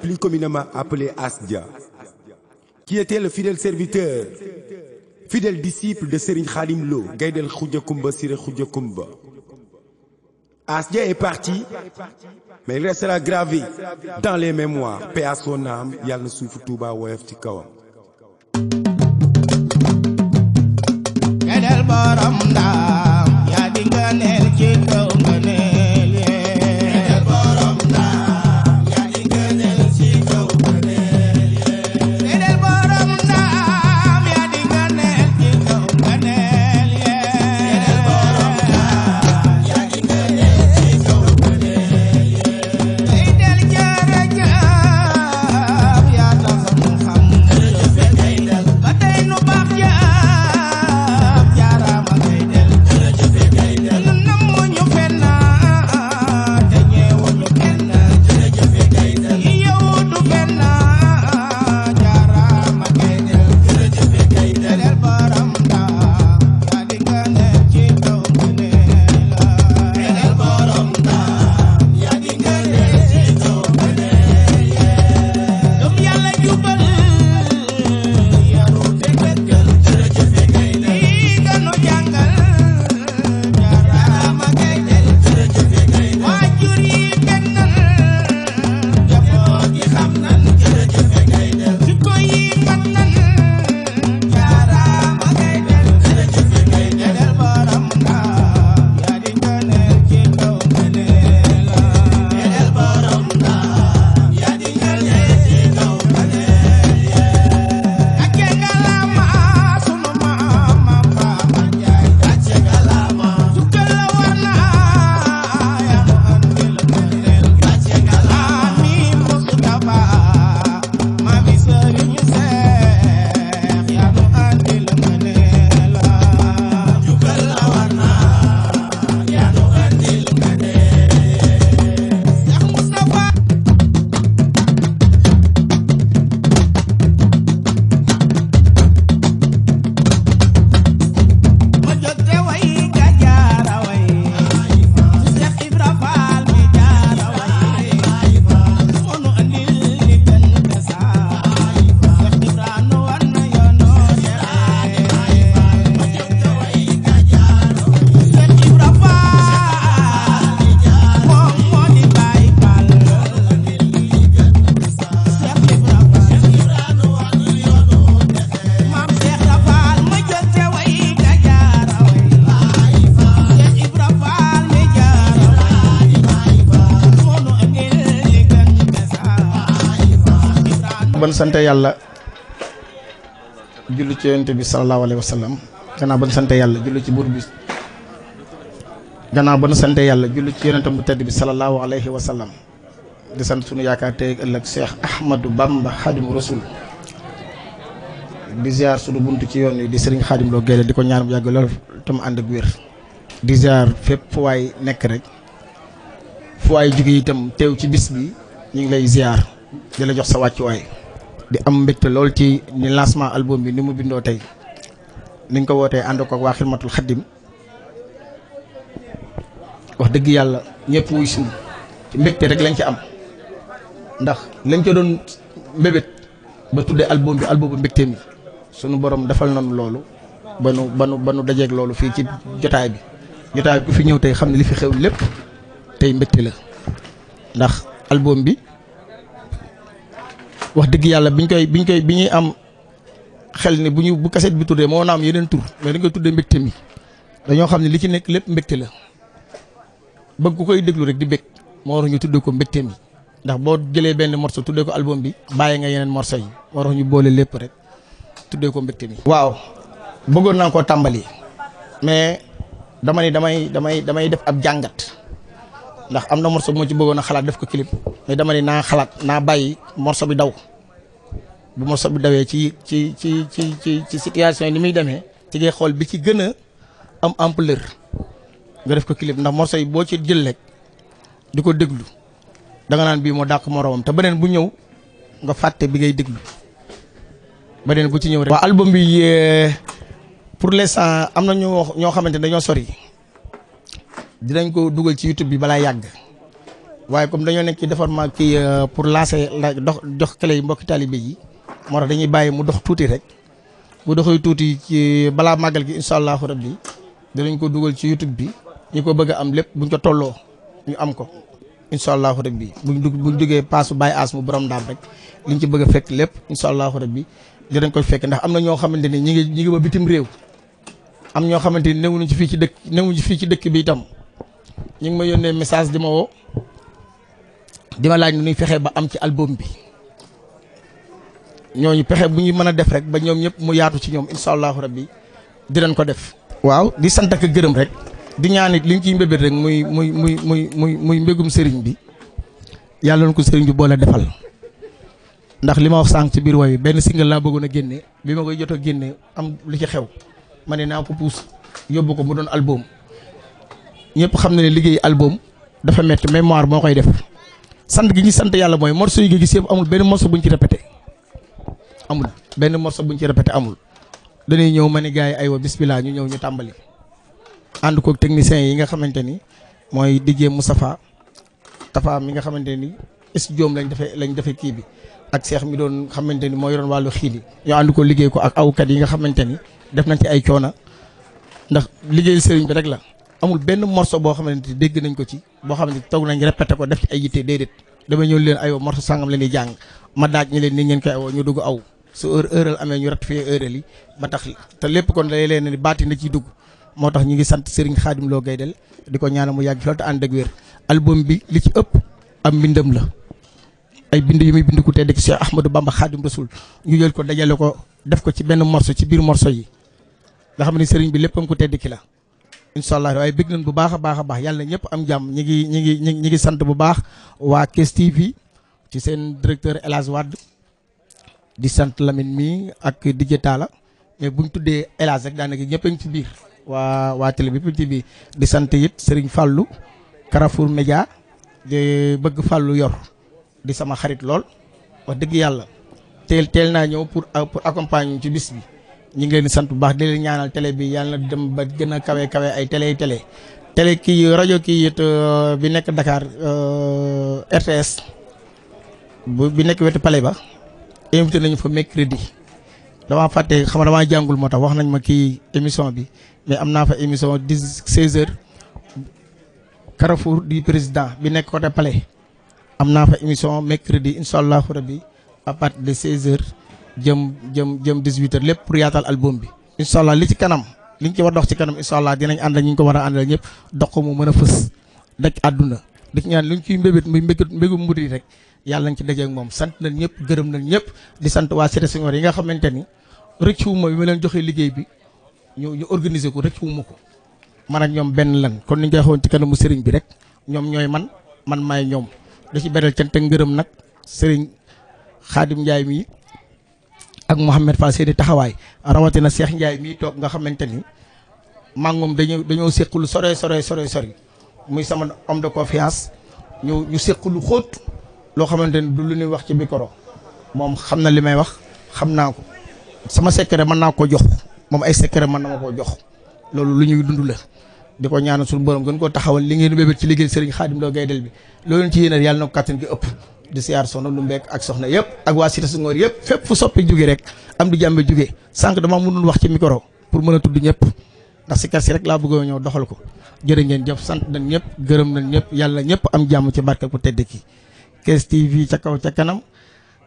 Speaker 6: plus communément appelé Asdia, qui était le fidèle serviteur, fidèle disciple de Serin Khalim Lo, Gaïdel Koumba, Sire Koumba. Asdia est parti, mais il restera gravé dans les mémoires. Paix à son âme, Yal soufou Touba
Speaker 2: sante yàlla julli ci yonent bi salallaahu alayhi wa sallam gannaaw ba nu sante yàlla julli ci buur bi gannaaw ba nu sante yàlla julli ci yonentam bu tedd bi salallaahu alayhi wa sallam di sant sunu yaakaar tey ëllëg Cheikh Ahmadou Bamba Xaadimu Rasul di ziar sunu bunt ci yoon yi di sëriñ Xaadim Lo Gaynde di ko ñaan bu yàgg lool te ànd ak wér di ziar fépp fu waay nekk rek fu waay jóge itam teew ci bis bi ñu ngi lay ziar di jox sa wàccuwaay di am mbégte lool ci ni lancement album bi ni mu bindoo tey niñ ko wootee ànd ko waa xidmatul xaddim wax dëgg yàlla ñëpp wuy suñu ci mbégte rek lañ ci am ndax lañ ca doon mbébét ba tuddee album bi albumu mbégte mi sunu borom defal nañu loolu ba nu ba nu ba nu dajeeg loolu fii ci jotaay bi jotaay bi ku fi ñëw tey xam ne li fi xew lépp tey mbégte la ndax album bi. wax dëgg yàlla biñ koy biñ koy bi ñuy am xel ne bu ñu bu kaset bi tuddee moo naam yeneen tur mais dañ koy tuddee mbégte mi dañoo xam ne li ci nekk lépp mbégte la bëgg ku koy déglu rek di bég moo tax ñu tuddee ko mbégte mi ndax boo jëlee benn morceau tuddee ko album bi bàyyi nga yeneen morceau yi moo tax ñu boole lépp rek tuddee ko mbégte mi. waaw bëggoon naa ko tàmbali mais dama ni damay damay damay def ab jàngat. ndax am na morso bu ci bëggoon a xalaat def ko clip mais dama ne naa xalaat naa bàyyi morso bi daw bu morso bi dawee ci ci ci ci ci ci situation yi ni muy demee. ci ngay xool bi ci gën a am ampleur nga def ko kilim ndax morso yi boo ci jël rek di ko déglu danga naan bii moo dàq moroomam te beneen bu ñëw nga fàtte bi ngay déglu beneen bu ci ñëw rek. waaw album bi euh, pour l'instant am na ñoo ñoo xamante ne dañoo sori. dinañ ko dugal ci YouTube bi balaa yàgg waaye comme dañoo nekk ci déformation kii euh, pour lancer dox dox clé yi mbokki taalibe yi moo tax dañuy bàyyi mu dox tuuti rek bu doxee tuuti ci balaa màggal gi incha allahu rabbi dinañ ko dugal ci YouTube bi ñu ko bëgg a am lépp buñ ko tolloo ñu am ko incha allahu bi buñ dug buñ jógee paasu bàyyi aas mu borom daam rek liñ ci bëgg fekk lépp incha allahu bi dinañ koy fekk ndax am na ñoo xamante ni ñi ngi ñi ngi ba bitim réew am ñoo xamante ni newuñu ci fii ci dëkk newuñu ci fii ci dëkk bi itam ñu ngi ma yónnee message di ma woo di ma laaj nu ñuy fexe ba am ci album bi ñooñu pexe bu ñuy mën a def rek ba ñoom ñëpp mu yaatu ci ñoom incha allahu rabbi dinañ ko def. waaw di sant ak gërëm rek di ñaan it liñ ciy mbébét rek muy muy muy muy muy muy mbégum sëriñ bi yàlla na ko sëriñ bi boole defal ndax li ma wax sànq ci biir woy benn single laa bëggoon a génne bi ma koy jot a génne am lu ci xew ma ne naa ko puus yóbbu ko mu doon album. ñëpp xam na ne liggéey album dafa metti mémoire moo koy def sant gi ñu sant yàlla mooy morceau yi nga gis yëpp amul benn morceau bu ñu ci répété amul benn morceau bu ci répété amul dañuy ñëw ma ne gars yi aywa bismillah ñu ñëw ñu tàmbali ànd kook techniciens yi nga xamante ni mooy liggéey DJ Moustapha Tafa mi nga xamante ni studio lañ defee lañ defee kii bi ak seex mi doon xamante ni mooy yoroon wàllu xiili ñoo ànd ko liggéey ko ak awkat yi nga xamante ni def nañ ci ay coona ndax liggéey sëriñ bi rek la amul benn morceau boo xamante ni dégg nañ ko ci boo xam ne toog nañ répété ko def ci ay yitte déedéet damay ñëw leen ayoo morceau sangam leen di jàng ma daaj ñu leen ni ngeen koy awoo ñu dugg aw su heure heure amee ñu ratifié heure yi ba tax te lépp kon day leen ni baati na ciy dugg moo tax ñu ngi sant Serigne Khadim Lo Gaydel di ko ñaana mu yàgg lool te ànd ak wér album bi li ci ëpp am mbindam la ay bind yu muy bind ku tedd ci Cheikh Ahmadou Bamba Khadim Rasoul ñu jël ko dajale ko def ko ci benn morceau ci biir morceau yi nga xam ne Serigne bi léppam ku tedd ki la. inshallah way waaye bëgg nañ bu baax a baax yalla ñepp am jam ñi ngi ñi ngi ñi ngi sant bu baax wa Kes TV ci sen directeur elaz wad di sant Lamine mi ak DJ Talla mais buñ tuddé El rek da naka ñepp ñu ci biir wa wa télé bi tv di sant yit Serigne fallu Carrefour media di bëgg fallu yor di sama xarit lool wax dëgg yalla tel tel na ñew pour pour accompagner ci bis bi. ñu ngi leen di sant bu baax di ñaanal télé bi yàlla na dem ba gën a kawe kawe ay télé yi tele télé kii rajo kii it euh, bi nekk Dakar euh, RTS bu bi nekk wetu Palais ba invité nañu fa mercredi damaa fàtte xam nga damaa jàngul moo tax wax nañ ma kii émission bi mais am naa fa émission dix seize heures Carrefour di président bi nekk côté pale am naa fa émission mercredi incha allahu rabi à partir de seize heures. jëm jëm jëm 18h lépp pour yaatal album bi. incha li ci kanam liñ ci war dox ci kanam incha allah dinañ ànd ak ñu ko war a àndal ñëpp dox ko mu mën a fës daj àdduna. di ci ñaan luñ ciy mbébét muy mbégu mbégu mbir yi rek yàlla nañ ci dajeeg moom sant nañ ñëpp gërëm nañ ñëpp di sant waa Cité Senghor yi nga xamante ni rëccuwuma bi ma leen joxee liggéey bi ñu ñu organiser ko rëccuwuma ko. man ak ñoom benn lan kon ni ñu koy waxoon ci kanamu sëriñ bi rek ñoom ñooy man man maay ñoom da ci beral cant te ngërëm nag sëriñ Xaadim Njaay mi ak Mouhamed Fall seeni taxawaay rawatina Cheikh Ndiaye mii toog nga xamante ni maa ngi moom dañu dañoo séq lu sore sore sore sori muy sama homme de confiance ñu ñu séq lu xóot loo xamante ni du lu ñuy wax ci micro moom xam na li may wax xam naa ko sama secret mën naa ko jox moom ay secret mën na ma koo jox loolu lu ñuy dund la di ko ñaanal suñu borom gën koo taxawal li ngeen bébét ci liggéey Serigne Khadim Lo Gaydel bi loolu ci yéen kàttan gi ëpp di siyaar soxna lu mbekk ak soxna yëpp ak waa Cité Senghor yëpp fépp fu soppi jóge rek am du jàmbe jóge sànq dama mënul wax ci micro pour mën a tudd ñëpp ndax si kër si rek laa bëggoo ñëw doxal ko jërë ngeen jëf sant nañ ñëpp gërëm na ñëpp yàlla ñëpp am jàmm ci barke ku tedd ki Thiès TV ca kaw ca kanam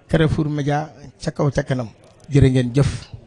Speaker 2: Carrefour Média ca kaw ca kanam jërë ngeen jëf